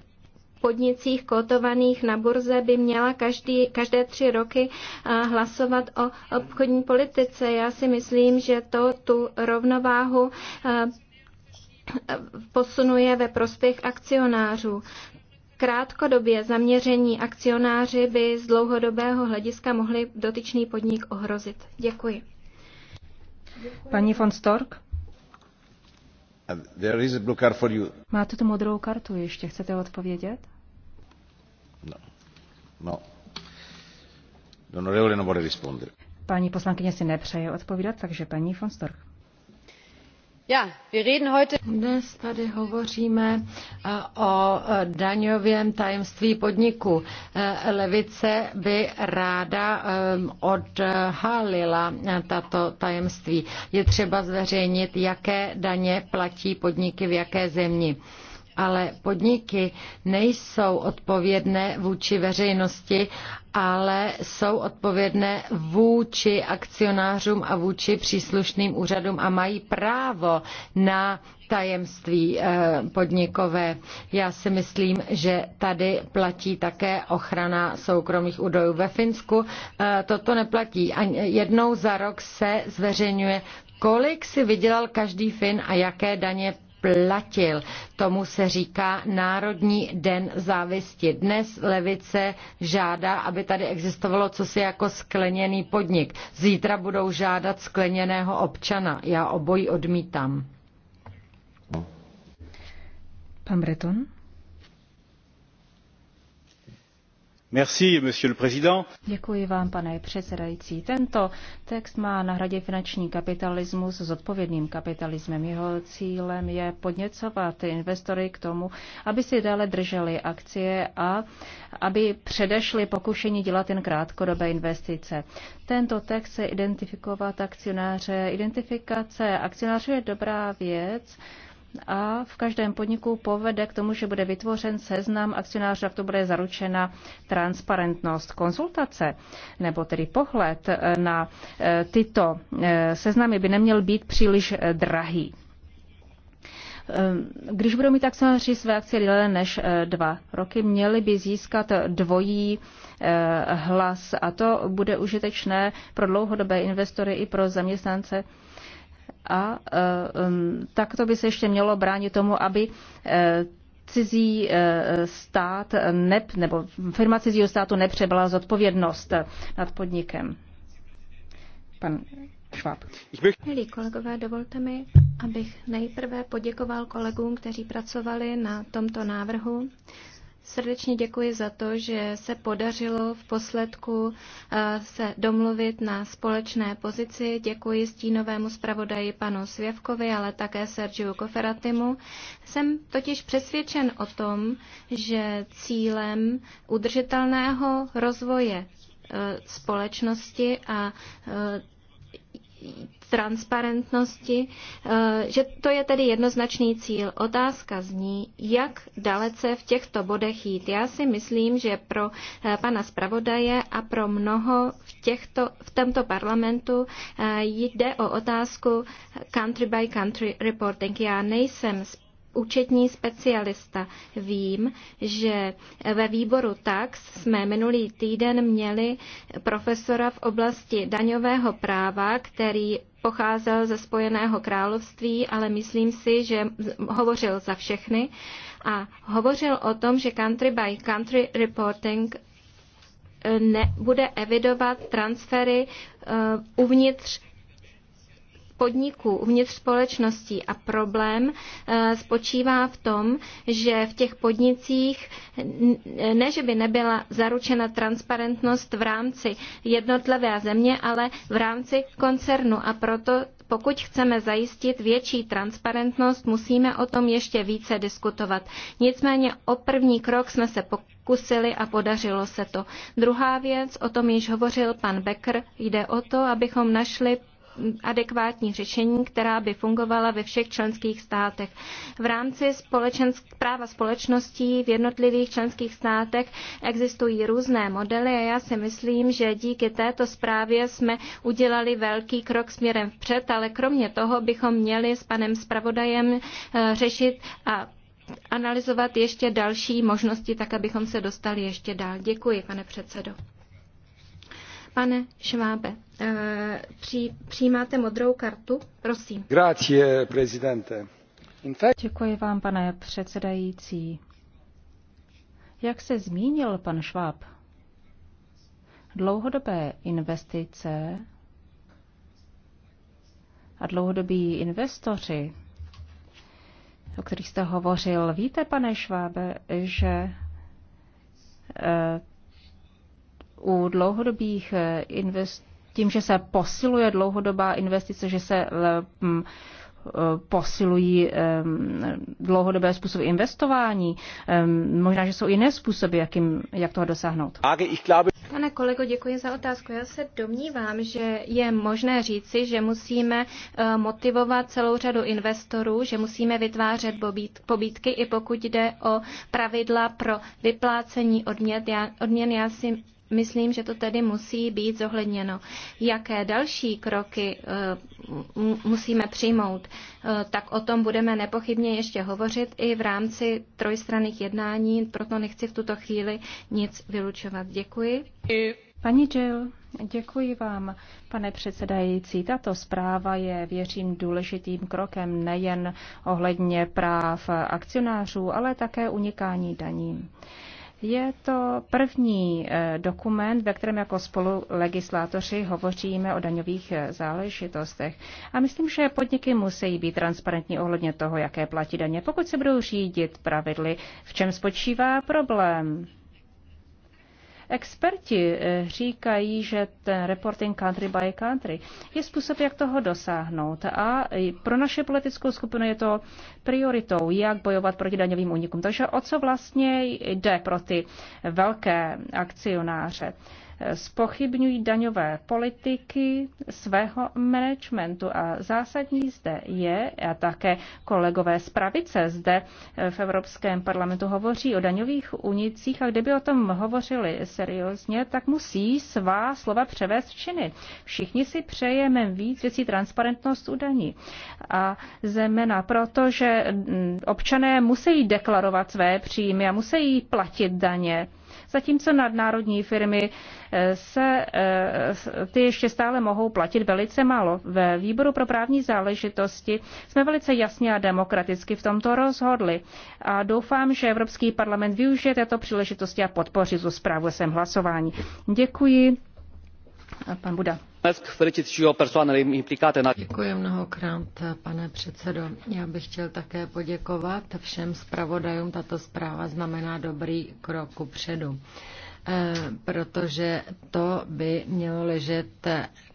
podnicích kotovaných na burze by měla každý, každé tři roky eh, hlasovat o obchodní politice. Já si myslím, že to tu rovnováhu eh, posunuje ve prospěch akcionářů. Krátkodobě zaměření akcionáři by z dlouhodobého hlediska mohli dotyčný podnik ohrozit. Děkuji. Paní von Stork? Um, Máte tu modrou kartu, ještě chcete odpovědět? No. No. non vuole rispondere. Paní poslankyně si nepřeje odpovídat, takže paní von Storch. Dnes tady hovoříme eh, o eh, daňovém tajemství podniku. Eh, Levice by ráda odhalila tato tajemství. Je třeba zveřejnit, jaké daně platí podniky v jaké zemi ale podniky nejsou odpovědné vůči veřejnosti, ale jsou odpovědné vůči akcionářům a vůči příslušným úřadům a mají právo na tajemství eh, podnikové. Já si myslím, že tady platí také ochrana soukromých údajů. Ve Finsku eh, toto neplatí. Jednou za rok se zveřejňuje kolik si vydělal každý Fin a jaké daně platil. Tomu se říká Národní den závisti. Dnes levice žádá, aby tady existovalo cosi jako skleněný podnik. Zítra budou žádat skleněného občana. Já obojí odmítám. Pan Breton? Děkuji vám, pane předsedající. Tento text má nahradit finanční kapitalismus s odpovědným kapitalismem. Jeho cílem je podněcovat investory k tomu, aby si dále drželi akcie a aby předešli pokušení dělat jen krátkodobé investice. Tento text se identifikovat akcionáře. Identifikace akcionářů je dobrá věc, a v každém podniku povede k tomu, že bude vytvořen seznam akcionářů, jak to bude zaručena transparentnost konzultace, nebo tedy pohled na e, tyto e, seznamy by neměl být příliš e, drahý. Když budou mít akcionáři své akcie déle než dva roky, měli by získat dvojí hlas a to bude užitečné pro dlouhodobé investory i pro zaměstnance a e, um, takto by se ještě mělo bránit tomu, aby e, cizí e, stát ne, nebo firma cizího státu nepřebrala zodpovědnost nad podnikem. Pan Šváb. Milí kolegové, dovolte mi, abych nejprve poděkoval kolegům, kteří pracovali na tomto návrhu. Srdečně děkuji za to, že se podařilo v posledku eh, se domluvit na společné pozici. Děkuji stínovému zpravodaji panu Svěvkovi, ale také Sergiu Koferatimu. Jsem totiž přesvědčen o tom, že cílem udržitelného rozvoje eh, společnosti a eh, transparentnosti, eh, že to je tedy jednoznačný cíl. Otázka zní, jak dalece v těchto bodech jít. Já si myslím, že pro eh, pana zpravodaje a pro mnoho v, těchto, v tomto parlamentu eh, jde o otázku country by country reporting. Já nejsem účetní specialista. Vím, že ve výboru TAX jsme minulý týden měli profesora v oblasti daňového práva, který pocházel ze Spojeného království, ale myslím si, že hovořil za všechny a hovořil o tom, že country by country reporting eh, nebude evidovat transfery uh, uvnitř podniků uvnitř společností a problém eh, spočívá v tom, že v těch podnicích ne, že by nebyla zaručena transparentnost v rámci jednotlivé země, ale v rámci koncernu a proto pokud chceme zajistit větší transparentnost, musíme o tom ještě více diskutovat. Nicméně o první krok jsme se pokusili a podařilo se to. Druhá věc, o tom již hovořil pan Becker, jde o to, abychom našli adekvátní řešení, která by fungovala ve všech členských státech. V rámci společensk, práva společností v jednotlivých členských státech existují různé modely a já si myslím, že díky této zprávě jsme udělali velký krok směrem vpřed, ale kromě toho bychom měli s panem zpravodajem eh, řešit a analyzovat ještě další možnosti, tak abychom se dostali ještě dál. Děkuji, pane předsedo. Pane Švábe, eh, při, přijímáte modrou kartu? Prosím. Grazie, prezidente. Fact... Děkuji vám, pane předsedající. Jak se zmínil pan Šváb, dlouhodobé investice a dlouhodobí investoři, o kterých jste hovořil, víte, pane Švábe, že eh, u dlouhodobých eh, investic, tím, že se posiluje dlouhodobá investice, že se eh, mm, eh, posilují dlouhodobé způsoby investování. Možná, že jsou jiné způsoby, jak, jim, jak toho dosáhnout. Pane kolego, děkuji za otázku. Já se domnívám, že je možné říci, že musíme motivovat celou řadu investorů, že musíme vytvářet pobítky, i pokud jde o pravidla pro vyplácení odměn. Já, odměn, já si Myslím, že to tedy musí být zohledněno. Jaké další kroky eh, musíme přijmout, eh, tak o tom budeme nepochybně ještě hovořit i v rámci trojstranných jednání, proto nechci v tuto chvíli nic vylučovat. Děkuji. Paní Jill, děkuji vám, pane předsedající. Tato zpráva je, věřím, důležitým krokem nejen ohledně práv akcionářů, ale také unikání daním. Je to první eh, dokument, ve kterém jako spolulegislátoři hovoříme o daňových eh, záležitostech. A myslím, že podniky musí být transparentní ohledně toho, jaké platí daně, pokud se budou řídit pravidly, v čem spočívá problém. Experti eh, říkají, že ten reporting country by country je způsob, jak toho dosáhnout. A pro naše politickou skupinu je to prioritou, jak bojovat proti daňovým únikům. Takže o co vlastně jde pro ty velké akcionáře? spochybňují daňové politiky svého managementu. A zásadní zde je, a také kolegové z pravice zde v Evropském parlamentu hovoří o daňových unicích, a kdyby o tom hovořili seriózně, tak musí svá slova převést v činy. Všichni si přejeme víc věcí transparentnost u daní. A zejména proto, že mm, občané musí deklarovat své příjmy a musí platit daně Zatímco nadnárodní firmy eh, se, eh, ty ještě stále mohou platit velice málo. Ve výboru pro právní záležitosti jsme velice jasně a demokraticky v tomto rozhodli a doufám, že Evropský parlament využije této příležitosti a podpoří tu zprávu sem hlasování. Děkuji. Pan Buda. Děkuji mnohokrát, pane předsedo. Já bych chtěl také poděkovat všem zpravodajům. Tato zpráva znamená dobrý krok kupředu. Eh, protože to by mělo ležet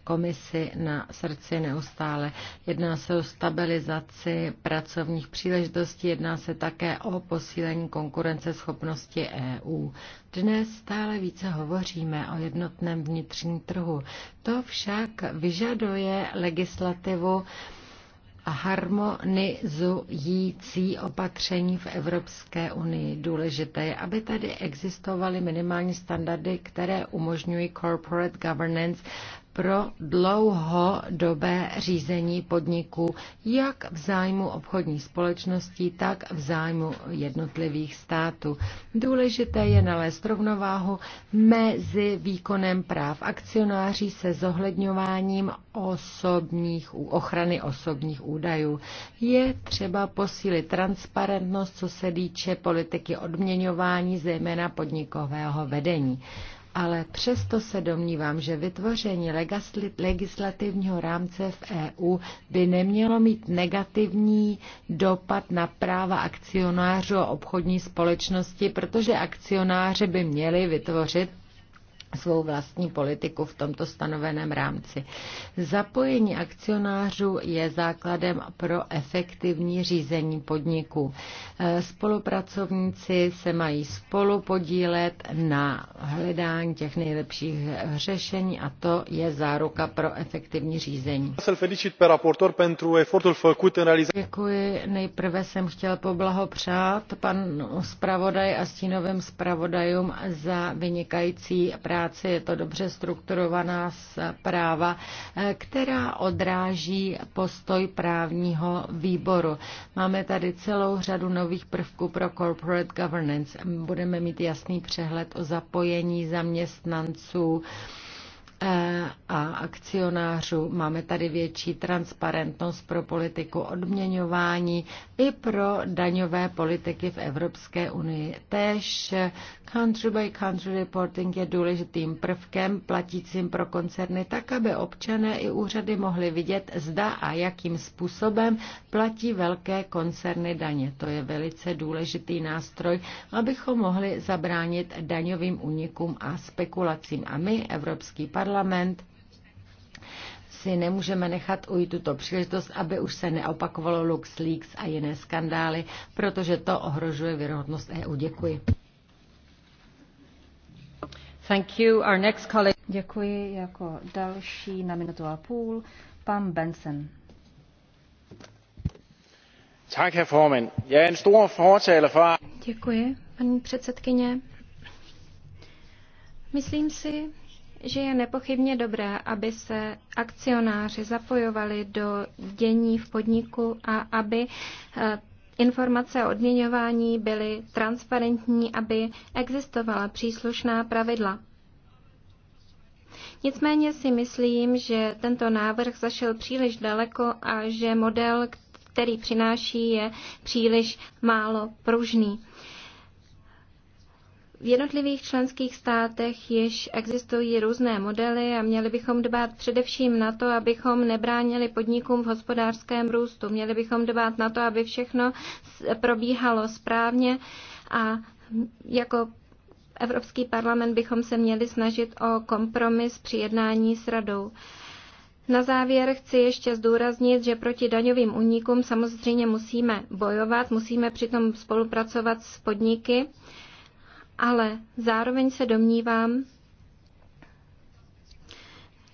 komisi na srdci neustále. Jedná se o stabilizaci pracovních příležitostí, jedná se také o posílení konkurenceschopnosti EU. Dnes stále více hovoříme o jednotném vnitřním trhu. To však vyžaduje legislativu, harmonizující opatření v Evropské unii. Důležité je, aby tady existovaly minimální standardy, které umožňují corporate governance pro dlouhodobé řízení podniku, jak v zájmu obchodní společností, tak v zájmu jednotlivých států. Důležité je nalézt rovnováhu mezi výkonem práv akcionáří se zohledňováním osobních, ochrany osobních údajů. Je třeba posílit transparentnost, co se týče politiky odměňování, zejména podnikového vedení ale přesto se domnívám, že vytvoření legislativního rámce v EU by nemělo mít negativní dopad na práva akcionářů a obchodní společnosti, protože akcionáři by měli vytvořit svou vlastní politiku v tomto stanoveném rámci. Zapojení akcionářů je základem pro efektivní řízení podniku. E, spolupracovníci se mají spolu podílet na hledání těch nejlepších řešení a to je záruka pro efektivní řízení. Děkuji. Nejprve jsem chtěl poblahopřát panu zpravodaj a stínovým zpravodajům za vynikající práci práci, je to dobře strukturovaná zpráva, eh, která odráží postoj právního výboru. Máme tady celou řadu nových prvků pro corporate governance. Budeme mít jasný přehled o zapojení zaměstnanců, E, a akcionářů. Máme tady větší transparentnost pro politiku odměňování i pro daňové politiky v Evropské unii. Tež country by country reporting je důležitým prvkem platícím pro koncerny tak, aby občané i úřady mohli vidět, zda a jakým způsobem platí velké koncerny daně. To je velice důležitý nástroj, abychom mohli zabránit daňovým únikům a spekulacím. A my, Evropský parlament, parlament si nemůžeme nechat ujít tuto příležitost, aby už se neopakovalo LuxLeaks a jiné skandály, protože to ohrožuje věrohodnost EU. Děkuji. Thank you. Our next colleague... Děkuji jako další na minutu a půl. Pan Benson. Tak, herr Formen. Já er en stor fortaler for... Děkuji, paní předsedkyně. Myslím si, že je nepochybně dobré, aby se akcionáři zapojovali do dění v podniku a aby eh, informace o odměňování byly transparentní, aby existovala příslušná pravidla. Nicméně si myslím, že tento návrh zašel příliš daleko a že model, který přináší, je příliš málo pružný. V jednotlivých členských státech již existují různé modely a měli bychom dbát především na to, abychom nebránili podnikům v hospodářském růstu. Měli bychom dbát na to, aby všechno probíhalo správně a jako Evropský parlament bychom se měli snažit o kompromis při jednání s radou. Na závěr chci ještě zdůraznit, že proti daňovým únikům samozřejmě musíme bojovat, musíme přitom spolupracovat s podniky ale zároveň se domnívám,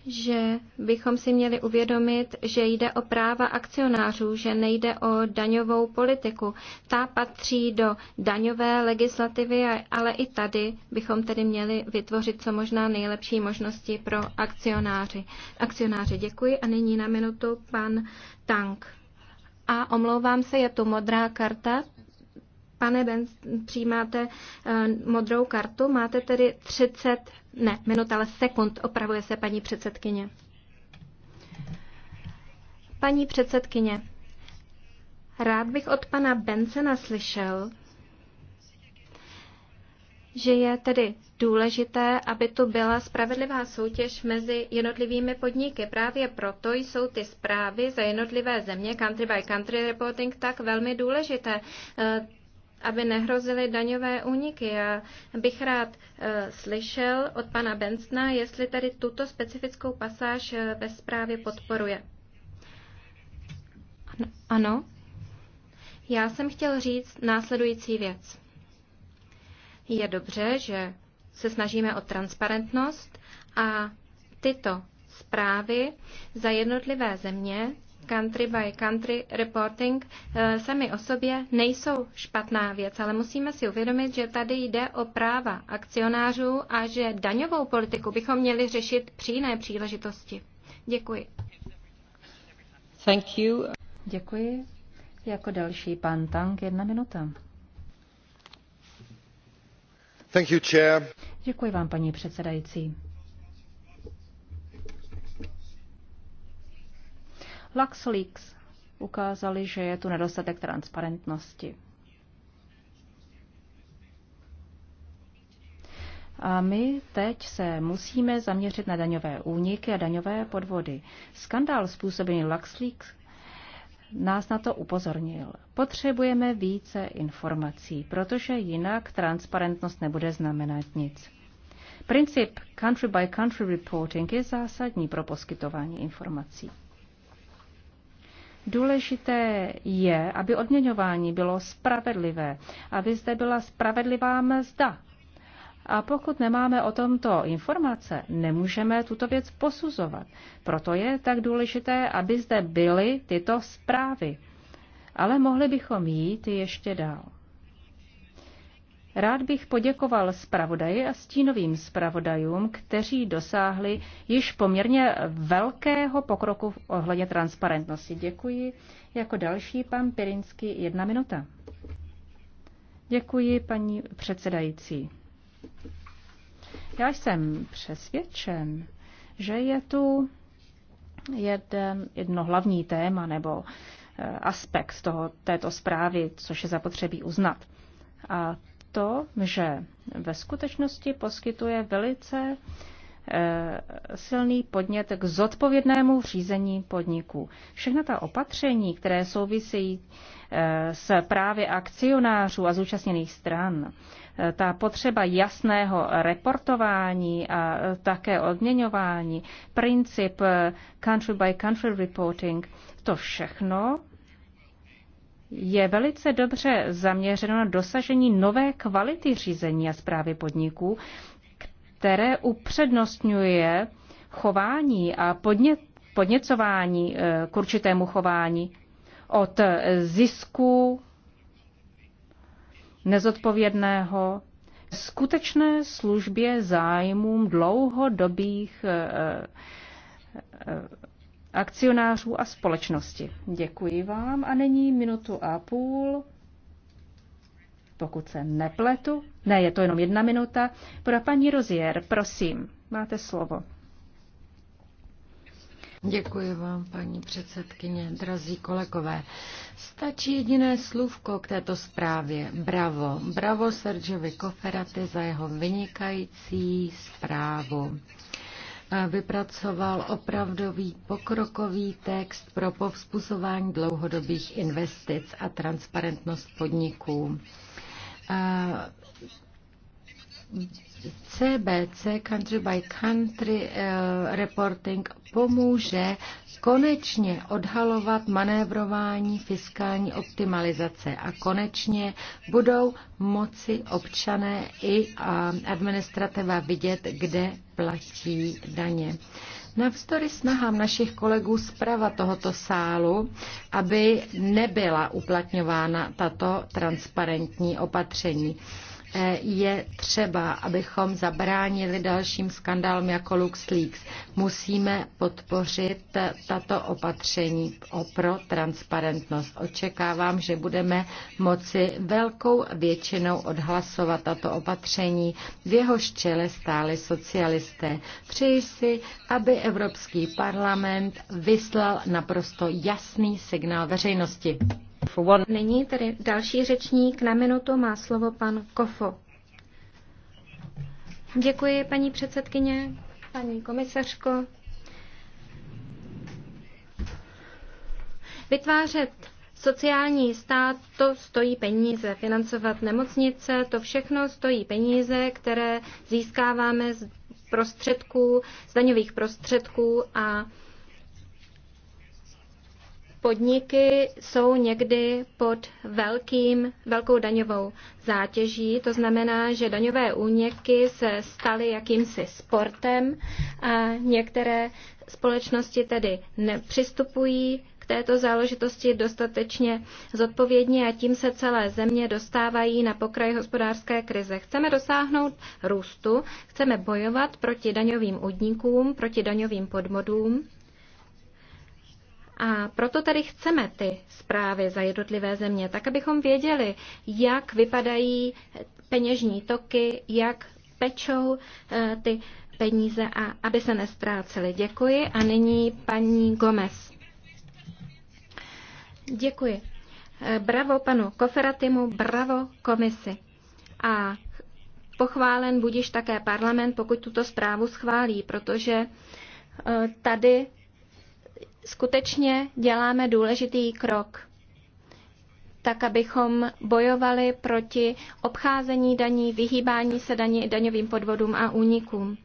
že bychom si měli uvědomit, že jde o práva akcionářů, že nejde o daňovou politiku. Ta patří do daňové legislativy, ale i tady bychom tedy měli vytvořit co možná nejlepší možnosti pro akcionáři. Akcionáři, děkuji a nyní na minutu pan Tank. A omlouvám se, je tu modrá karta, Pane Ben, přijímáte uh, modrou kartu, máte tedy 30, ne, minut, ale sekund, opravuje se paní předsedkyně. Paní předsedkyně, rád bych od pana Bencena slyšel, že je tedy důležité, aby tu byla spravedlivá soutěž mezi jednotlivými podniky. Právě proto jsou ty zprávy za jednotlivé země, country by country reporting, tak velmi důležité. Eh, aby nehrozily daňové úniky. Já bych rád eh, slyšel od pana Benstna, jestli tady tuto specifickou pasáž eh, ve zprávě podporuje. Ano. Já jsem chtěl říct následující věc. Je dobře, že se snažíme o transparentnost a tyto zprávy za jednotlivé země country by country reporting eh, sami o sobě nejsou špatná věc, ale musíme si uvědomit, že tady jde o práva akcionářů a že daňovou politiku bychom měli řešit při jiné příležitosti. Děkuji. Thank you. Děkuji. Jako další pan Tang, jedna minuta. Thank you, chair. Děkuji vám, paní předsedající. LuxLeaks ukázali, že je tu nedostatek transparentnosti. A my teď se musíme zaměřit na daňové úniky a daňové podvody. Skandál způsobený LuxLeaks nás na to upozornil. Potřebujeme více informací, protože jinak transparentnost nebude znamenat nic. Princip country by country reporting je zásadní pro poskytování informací. Důležité je, aby odměňování bylo spravedlivé, aby zde byla spravedlivá mzda. A pokud nemáme o tomto informace, nemůžeme tuto věc posuzovat. Proto je tak důležité, aby zde byly tyto zprávy. Ale mohli bychom jít ještě dál. Rád bych poděkoval zpravodaji a stínovým zpravodajům, kteří dosáhli již poměrně velkého pokroku ohledně transparentnosti. Děkuji. Jako další pan Pirinsky, jedna minuta. Děkuji, paní předsedající. Já jsem přesvědčen, že je tu jeden, jedno hlavní téma nebo eh, aspekt z toho, této zprávy, což je zapotřebí uznat. A to, že ve skutečnosti poskytuje velice eh, silný podnět k zodpovědnému řízení podniků. Všechna ta opatření, které souvisí eh, s právě akcionářů a zúčastněných stran, eh, ta potřeba jasného reportování a také odměňování, princip country by country reporting, to všechno je velice dobře zaměřeno na dosažení nové kvality řízení a zprávy podniků, které upřednostňuje chování a podně, podněcování eh, k určitému chování od eh, zisku nezodpovědného skutečné službě zájmům dlouhodobých eh, akcionářů a společnosti. Děkuji vám a není minutu a půl, pokud se nepletu, ne, je to jenom jedna minuta, pro paní Rozier, prosím, máte slovo. Děkuji vám, paní předsedkyně, drazí kolegové. Stačí jediné slůvko k této zprávě. Bravo. Bravo Sergiovi Koferaty za jeho vynikající zprávu vypracoval opravdový pokrokový text pro povzbuzování dlouhodobých investic a transparentnost podniků CBC Country by Country eh, Reporting pomůže konečně odhalovat manévrování fiskální optimalizace a konečně budou moci občané i administrativa vidět, kde platí daně. Navzdory snahám našich kolegů zprava tohoto sálu, aby nebyla uplatňována tato transparentní opatření je třeba, abychom zabránili dalším skandálům jako LuxLeaks. Musíme podpořit tato opatření pro transparentnost. Očekávám, že budeme moci velkou většinou odhlasovat tato opatření. V jeho čele stály socialisté. Přeji si, aby Evropský parlament vyslal naprosto jasný signál veřejnosti. Nyní tedy další řečník na minutu má slovo pan Kofo. Děkuji, paní předsedkyně, paní komisařko. Vytvářet Sociální stát to stojí peníze, financovat nemocnice, to všechno stojí peníze, které získáváme z prostředků, z daňových prostředků a podniky jsou někdy pod velkým, velkou daňovou zátěží. To znamená, že daňové úniky se staly jakýmsi sportem a některé společnosti tedy nepřistupují k této záležitosti dostatečně zodpovědně a tím se celé země dostávají na pokraj hospodářské krize. Chceme dosáhnout růstu, chceme bojovat proti daňovým údnikům, proti daňovým podmodům a proto tady chceme ty zprávy za jednotlivé země, tak abychom věděli, jak vypadají peněžní toky, jak pečou eh, ty peníze a aby se nestrácely. Děkuji a nyní paní Gomez. Děkuji. Eh, bravo panu Koferatimu, bravo komisi. A pochválen budíš také parlament, pokud tuto zprávu schválí, protože eh, tady skutečně děláme důležitý krok, tak abychom bojovali proti obcházení daní, vyhýbání se daní, daňovým podvodům a únikům.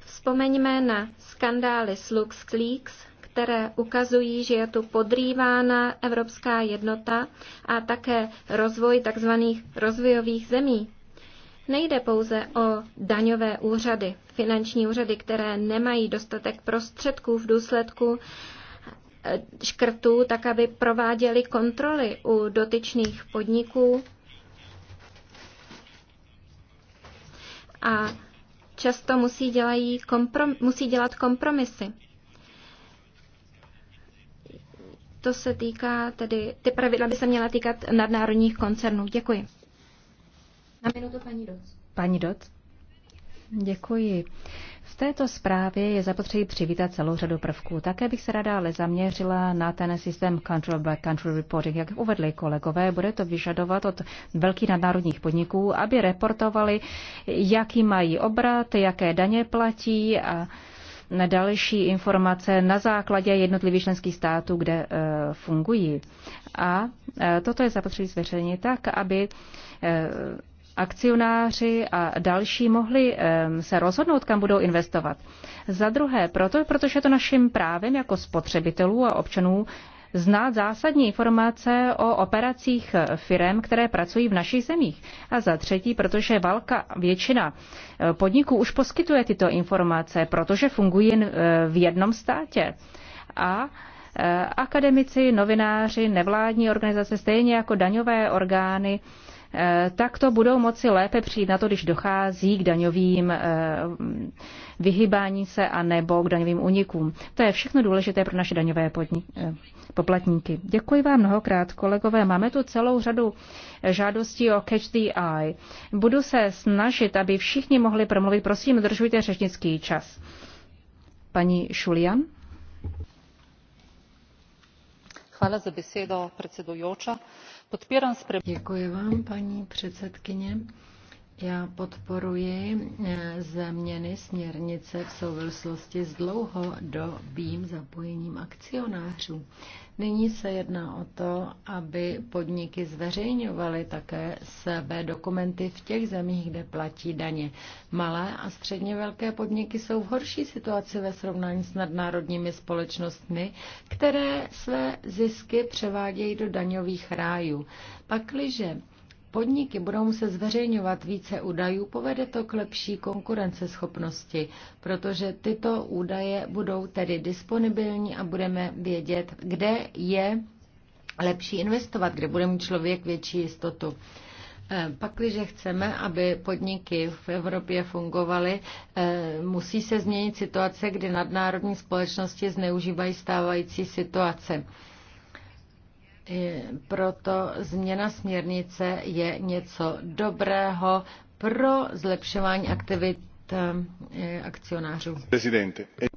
Vzpomeňme na skandály s LuxLeaks, které ukazují, že je tu podrývána evropská jednota a také rozvoj tzv. rozvojových zemí. Nejde pouze o daňové úřady finanční úřady, které nemají dostatek prostředků v důsledku eh, škrtů, tak aby prováděly kontroly u dotyčných podniků. A často musí, dělají komprom- musí dělat kompromisy. To se týká tedy, ty pravidla by se měla týkat nadnárodních koncernů. Děkuji. Na minutu paní Doc. Paní Doc. Děkuji. V této zprávě je zapotřebí přivítat celou řadu prvků. Také bych se ráda ale zaměřila na ten systém Control by Country Reporting. Jak uvedli kolegové, bude to vyžadovat od velkých nadnárodních podniků, aby reportovali, jaký mají obrat, jaké daně platí a na další informace na základě jednotlivých členských států, kde e, fungují. A e, toto je zapotřebí zveřejnit tak, aby e, akcionáři a další mohli se rozhodnout, kam budou investovat. Za druhé, proto, protože je to naším právem jako spotřebitelů a občanů znát zásadní informace o operacích firm, které pracují v našich zemích. A za třetí, protože velká většina eh, podniků už poskytuje tyto informace, protože fungují eh, v jednom státě. A eh, akademici, novináři, nevládní organizace, stejně jako daňové orgány, tak to budou moci lépe přijít na to, když dochází k daňovým eh, vyhybání se a nebo k daňovým unikům. To je všechno důležité pro naše daňové podnik, eh, poplatníky. Děkuji vám mnohokrát, kolegové. Máme tu celou řadu žádostí o Catch the Eye. Budu se snažit, aby všichni mohli promluvit. Prosím, držujte řečnický čas. Paní Šulian. Hvala za besedo, predsedujoča Podpírám spre... Děkuji vám, paní předsedkyně. Já podporuji eh, změny směrnice v souvislosti s dlouhodobým zapojením akcionářů. Nyní se jedná o to, aby podniky zveřejňovaly také své dokumenty v těch zemích, kde platí daně. Malé a středně velké podniky jsou v horší situaci ve srovnání s nadnárodními společnostmi, které své zisky převádějí do daňových rájů. Pakliže podniky budou muset zveřejňovat více údajů, povede to k lepší konkurenceschopnosti, protože tyto údaje budou tedy disponibilní a budeme vědět, kde je lepší investovat, kde bude mít člověk větší jistotu. Eh, pakliže chceme, aby podniky v Evropě fungovaly, eh, musí se změnit situace, kdy nadnárodní společnosti zneužívají stávající situace. Proto změna směrnice je něco dobrého pro zlepšování aktivit eh, akcionářů.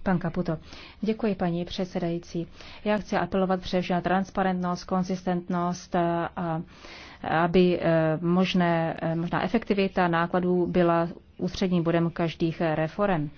Pan Kaputo. Děkuji, paní předsedající. Já chci apelovat především na transparentnost, konzistentnost eh, a aby eh, možné, možná efektivita nákladů byla ústředním bodem každých reform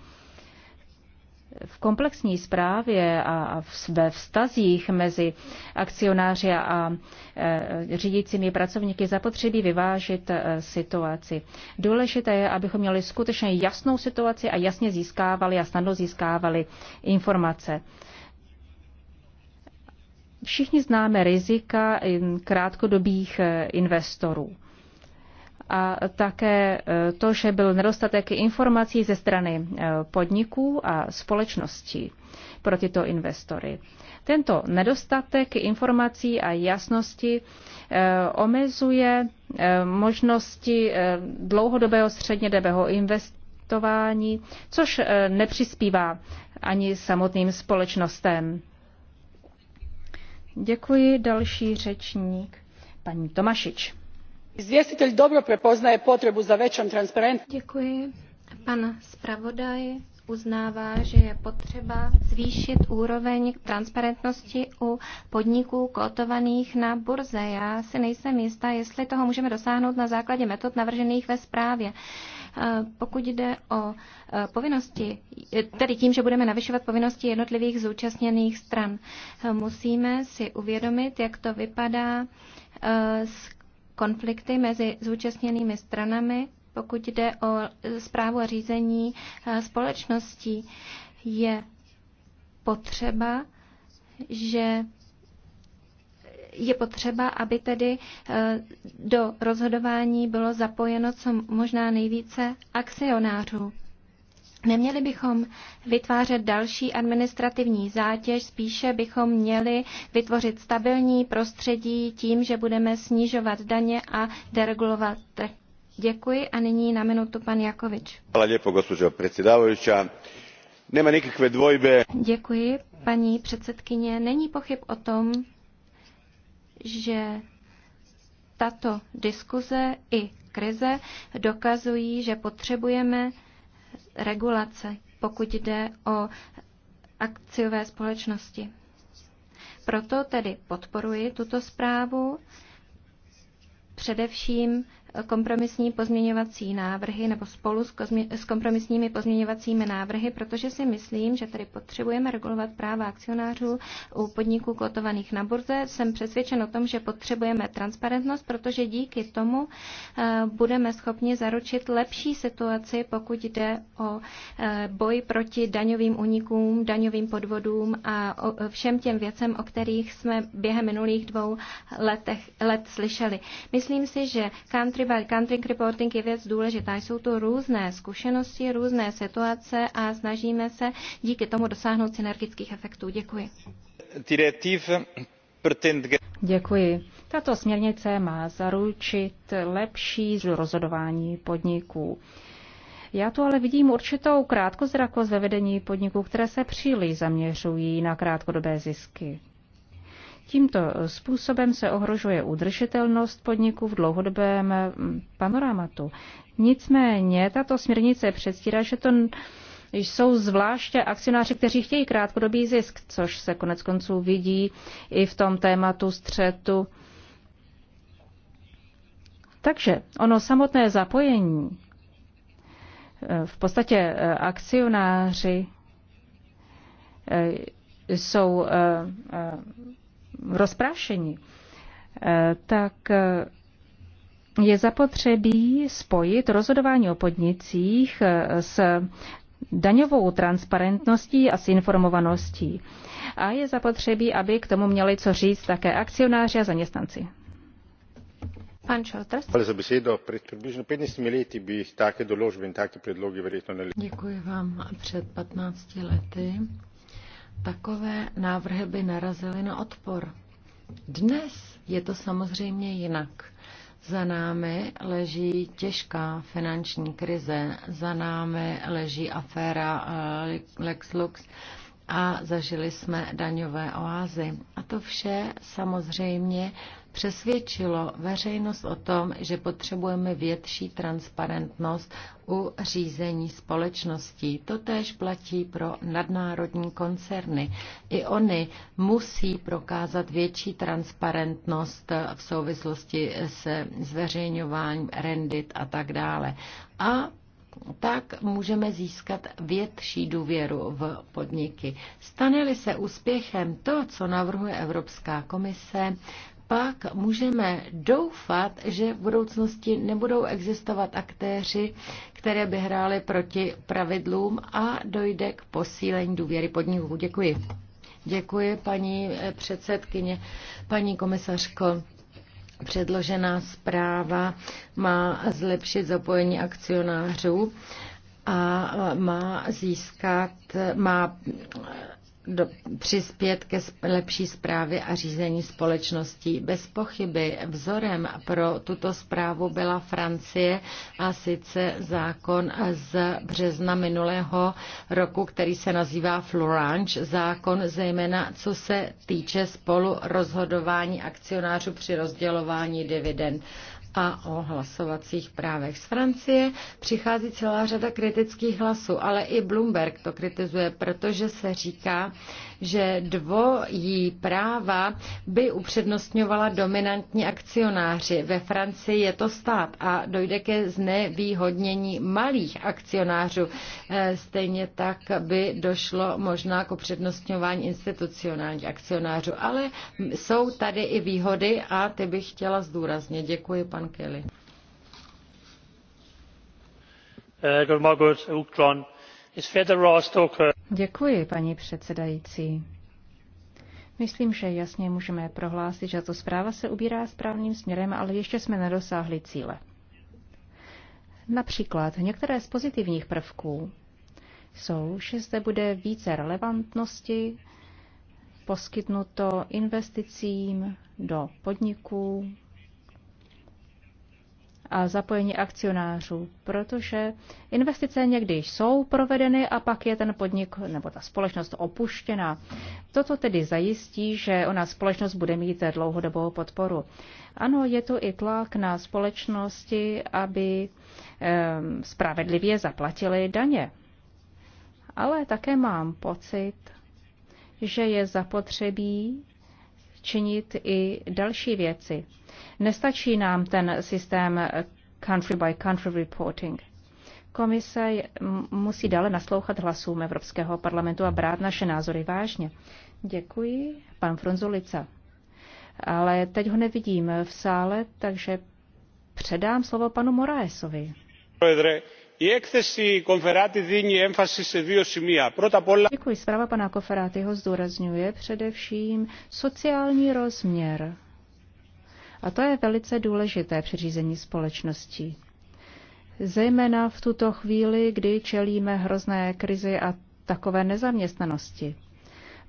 v komplexní správě a ve vztazích mezi akcionáři a e, řídícími pracovníky zapotřebí vyvážit e, situaci. Důležité je, abychom měli skutečně jasnou situaci a jasně získávali a snadno získávali informace. Všichni známe rizika krátkodobých e, investorů a také e, to, že byl nedostatek informací ze strany e, podniků a společností pro tyto investory. Tento nedostatek informací a jasnosti e, omezuje možnosti dlouhodobého střednědobého investování, což nepřispívá ani samotným společnostem. Děkuji, další řečník, paní Tomašič. Izvjestitelj dobro prepoznaje potrebu za većom transparentností. Pan zpravodaj uznává, že je potřeba zvýšit úroveň transparentnosti u podniků kotovaných na burze. Já si nejsem jista jestli toho můžeme dosáhnout na základě metod navržených ve zprávě. Eh, pokud jde o eh, povinnosti, eh, tedy tím, že budeme navyšovat povinnosti jednotlivých zúčastněných stran, musíme si uvědomit, jak to vypadá s konflikty mezi zúčastněnými stranami, pokud jde o eh, zprávu a řízení eh, společností. Je potřeba, že je potřeba, aby tedy eh, do rozhodování bylo zapojeno co možná nejvíce akcionářů. Neměli bychom vytvářet další administrativní zátěž, spíše bychom měli vytvořit stabilní prostředí tím, že budeme snižovat daně a deregulovat trh. Děkuji a nyní na minutu pan Jakovič. Nema nikakve dvojbe. Děkuji, paní předsedkyně. Není pochyb o tom, že tato diskuze i krize dokazují, že potřebujeme regulace, pokud jde o akciové společnosti. Proto tedy podporuji tuto zprávu, především kompromisní pozměňovací návrhy nebo spolu s, s kompromisními pozměňovacími návrhy, protože si myslím, že tady potřebujeme regulovat práva akcionářů u podniků kotovaných na burze. Jsem přesvědčen o tom, že potřebujeme transparentnost, protože díky tomu eh, budeme schopni zaručit lepší situaci, pokud jde o eh, boj proti daňovým unikům, daňovým podvodům a všem těm věcem, o kterých jsme během minulých dvou letech, let slyšeli. Myslím si, že country country country reporting je věc důležitá. Jsou to různé zkušenosti, různé situace a snažíme se díky tomu dosáhnout synergických efektů. Děkuji. Děkuji. Tato směrnice má zaručit lepší rozhodování podniků. Já tu ale vidím určitou krátkozrakost ve vedení podniků, které se příliš zaměřují na krátkodobé zisky. Tímto eh, způsobem se ohrožuje udržitelnost podniků v dlouhodobém mm, panoramatu. Nicméně tato směrnice předstírá, že to jsou zvláště akcionáři, kteří chtějí krátkodobý zisk, což se konec konců vidí i v tom tématu střetu. Takže ono samotné zapojení, eh, v podstatě eh, akcionáři jsou rozprášení, eh, tak eh, je zapotřebí spojit rozhodování o podnicích eh, s daňovou transparentností a s informovaností. A je zapotřebí, aby k tomu měli co říct také akcionáři a zaměstnanci. Pan Šoltres. Hvala za besedo. Před přibližno 15 lety by také doložby také take predlogi verjetno ne... Děkuji vám. Před 15 lety Takové návrhy by narazily na odpor. Dnes je to samozřejmě jinak. Za námi leží těžká finanční krize, za námi leží aféra eh, LexLux a zažili jsme daňové oázy. A to vše samozřejmě přesvědčilo veřejnost o tom, že potřebujeme větší transparentnost u řízení společností. To též platí pro nadnárodní koncerny. I oni musí prokázat větší transparentnost v souvislosti se zveřejňováním rendit a tak dále. A tak můžeme získat větší důvěru v podniky. Stane-li se úspěchem to, co navrhuje Evropská komise, pak můžeme doufat, že v budoucnosti nebudou existovat aktéři, které by hrály proti pravidlům a dojde k posílení důvěry podniků. Děkuji. Děkuji, paní předsedkyně, paní komisařko. Předložená zpráva má zlepšit zapojení akcionářů a má získat, má do, přispět ke lepší zprávě a řízení společností. Bez pochyby vzorem pro tuto zprávu byla Francie a sice zákon z března minulého roku, který se nazývá Florange, zákon zejména co se týče spolu rozhodování akcionářů při rozdělování dividend a o hlasovacích právech. Z Francie přichází celá řada kritických hlasů, ale i Bloomberg to kritizuje, protože se říká, že dvojí práva by upřednostňovala dominantní akcionáři. Ve Francii je to stát a dojde ke znevýhodnění malých akcionářů. E, stejně tak by došlo možná k upřednostňování institucionálních akcionářů. Ale jsou tady i výhody a ty bych chtěla zdůraznit. Děkuji, pan Kelly. Uh, Děkuji, paní předsedající. Myslím, že jasně můžeme prohlásit, že to zpráva se ubírá správným směrem, ale ještě jsme nedosáhli cíle. Například některé z pozitivních prvků jsou, že zde bude více relevantnosti poskytnuto investicím do podniků, a zapojení akcionářů, protože investice někdy jsou provedeny a pak je ten podnik nebo ta společnost opuštěna. Toto tedy zajistí, že ona společnost bude mít dlouhodobou podporu. Ano, je tu i tlak na společnosti, aby ehm, spravedlivě zaplatili daně. Ale také mám pocit, že je zapotřebí činit i další věci. Nestačí nám ten systém country by country reporting. Komise musí dále naslouchat hlasům Evropského parlamentu a brát naše názory vážně. Děkuji, pan Frunzulica. Ale teď ho nevidím v sále, takže předám slovo panu Moraesovi. Η έκθεση Κομφεράτη δίνει έμφαση σε δύο σημεία. Πρώτα απ' όλα... Děkuji. Zpráva pana Koferátyho zdůrazňuje především sociální rozměr. A to je velice důležité při řízení společností. Zejména v tuto chvíli, kdy čelíme hrozné krizi a takové nezaměstnanosti.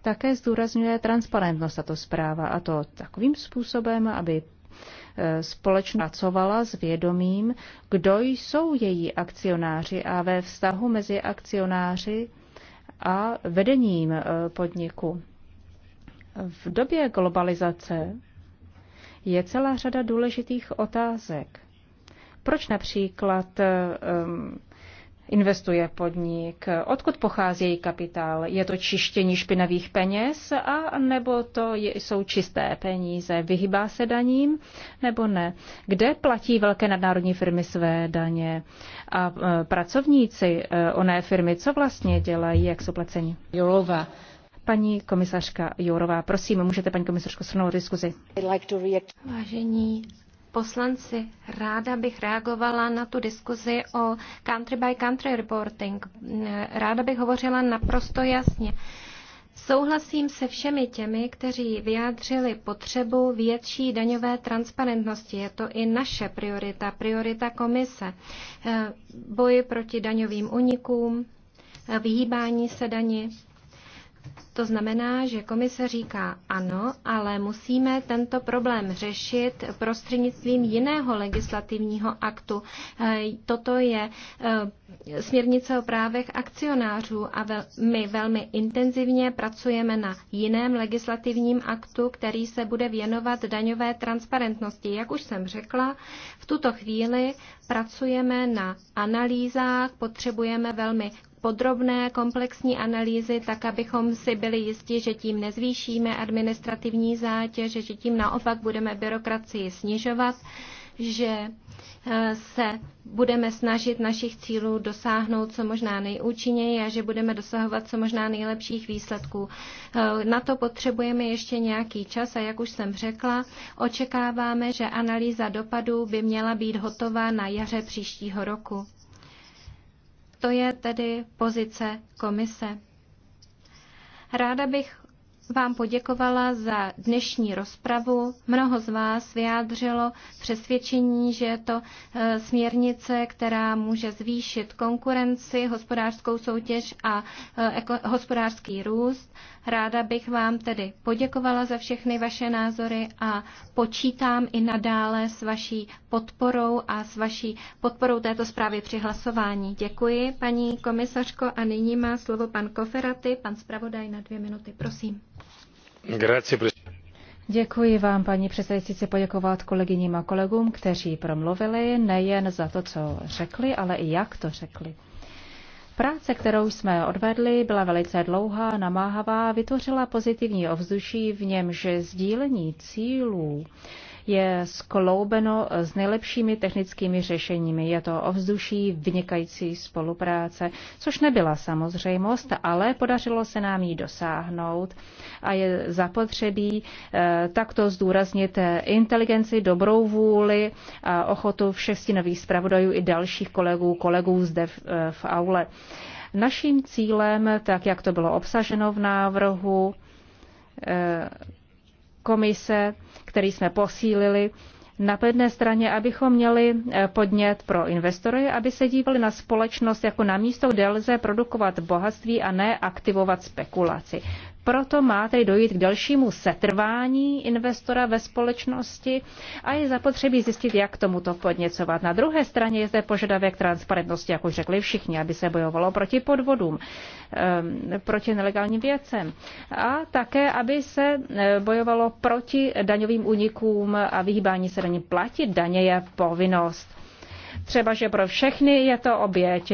Také zdůrazňuje transparentnost tato zpráva a to takovým způsobem, aby Eh, společnost pracovala s vědomím, kdo jsou její akcionáři a ve vztahu mezi akcionáři a vedením eh, podniku. V době globalizace je celá řada důležitých otázek. Proč například eh, investuje podnik, odkud pochází její kapitál. Je to čištění špinavých peněz a nebo to je, jsou čisté peníze, vyhybá se daním nebo ne. Kde platí velké nadnárodní firmy své daně a e, pracovníci e, oné firmy, co vlastně dělají, jak jsou placeni? Jolova. Paní komisařka Jourová, prosím, můžete paní komisařko shrnout diskuzi. Vážení poslanci, ráda bych reagovala na tu diskuzi o country by country reporting. Ráda bych hovořila naprosto jasně. Souhlasím se všemi těmi, kteří vyjádřili potřebu větší daňové transparentnosti. Je to i naše priorita, priorita komise. Boj proti daňovým unikům, vyhýbání se dani. To znamená, že komise říká ano, ale musíme tento problém řešit prostřednictvím jiného legislativního aktu. E, toto je e, směrnice o právech akcionářů a my velmi intenzivně pracujeme na jiném legislativním aktu, který se bude věnovat daňové transparentnosti. Jak už jsem řekla, v tuto chvíli pracujeme na analýzách, potřebujeme velmi podrobné komplexní analýzy, tak abychom si byli jisti, že tím nezvýšíme administrativní zátěž, že tím naopak budeme byrokracii snižovat, že eh, se budeme snažit našich cílů dosáhnout co možná nejúčinněji a že budeme dosahovat co možná nejlepších výsledků. Eh, na to potřebujeme ještě nějaký čas a jak už jsem řekla, očekáváme, že analýza dopadů by měla být hotová na jaře příštího roku. To je tedy pozice komise. Ráda bych vám poděkovala za dnešní rozpravu. Mnoho z vás vyjádřilo přesvědčení, že je to e, směrnice, která může zvýšit konkurenci, hospodářskou soutěž a e, hospodářský růst. Ráda bych vám tedy poděkovala za všechny vaše názory a počítám i nadále s vaší podporou a s vaší podporou této zprávy při hlasování. Děkuji, paní komisařko, a nyní má slovo pan Koferaty, pan zpravodaj na dvě minuty, prosím. Grazie, Děkuji vám, paní předsedající, chci poděkovat kolegyním a kolegům, kteří promluvili nejen za to, co řekli, ale i jak to řekli. Práce, kterou jsme odvedli, byla velice dlouhá, namáhavá, vytvořila pozitivní ovzduší, v němž sdílení cílů je skloubeno s nejlepšími technickými řešeními. Je to ovzduší vynikající spolupráce, což nebyla samozřejmost, ale podařilo se nám ji dosáhnout a je zapotřebí eh, takto zdůraznit eh, inteligenci, dobrou vůli a ochotu všech stínových zpravodajů i dalších kolegů, kolegů zde v, eh, v aule. Naším cílem, tak jak to bylo obsaženo v návrhu, komise, který jsme posílili, na jedné straně, abychom měli eh, podnět pro investory, aby se dívali na společnost jako na místo, kde lze produkovat bohatství a ne aktivovat spekulaci. Proto má tedy dojít k dalšímu setrvání investora ve společnosti a je zapotřebí zjistit, jak tomuto podněcovat. Na druhé straně je zde požadavek transparentnosti, jak už řekli všichni, aby se bojovalo proti podvodům, ehm, proti nelegálním věcem a také, aby se e, bojovalo proti daňovým únikům a vyhýbání se daní. Platit daně je povinnost. Třeba, že pro všechny je to oběť,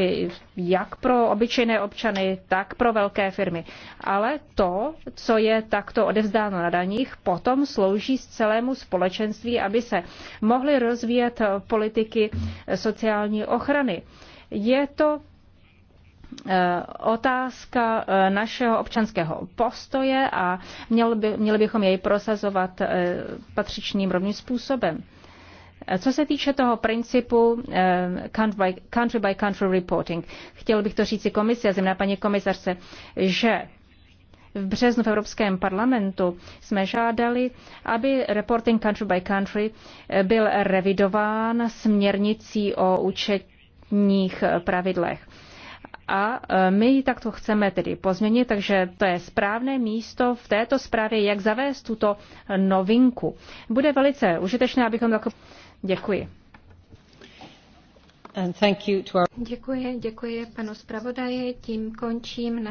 jak pro obyčejné občany, tak pro velké firmy. Ale to, co je takto odevzdáno na daních, potom slouží celému společenství, aby se mohly rozvíjet politiky sociální ochrany. Je to eh, otázka eh, našeho občanského postoje a měli, by, měli bychom jej prosazovat eh, patřičným rovným způsobem. Co se týče toho principu eh, country by country reporting, chtěl bych to říci komisi a zemná paní komisarce, že v březnu v Evropském parlamentu jsme žádali, aby reporting country by country eh, byl revidován směrnicí o účetních pravidlech. A eh, my ji takto chceme tedy pozměnit, takže to je správné místo v této zprávě, jak zavést tuto novinku. Bude velice užitečné, abychom takové Děkuji. Děkuji, děkuji panu zpravodaji. Tím končím.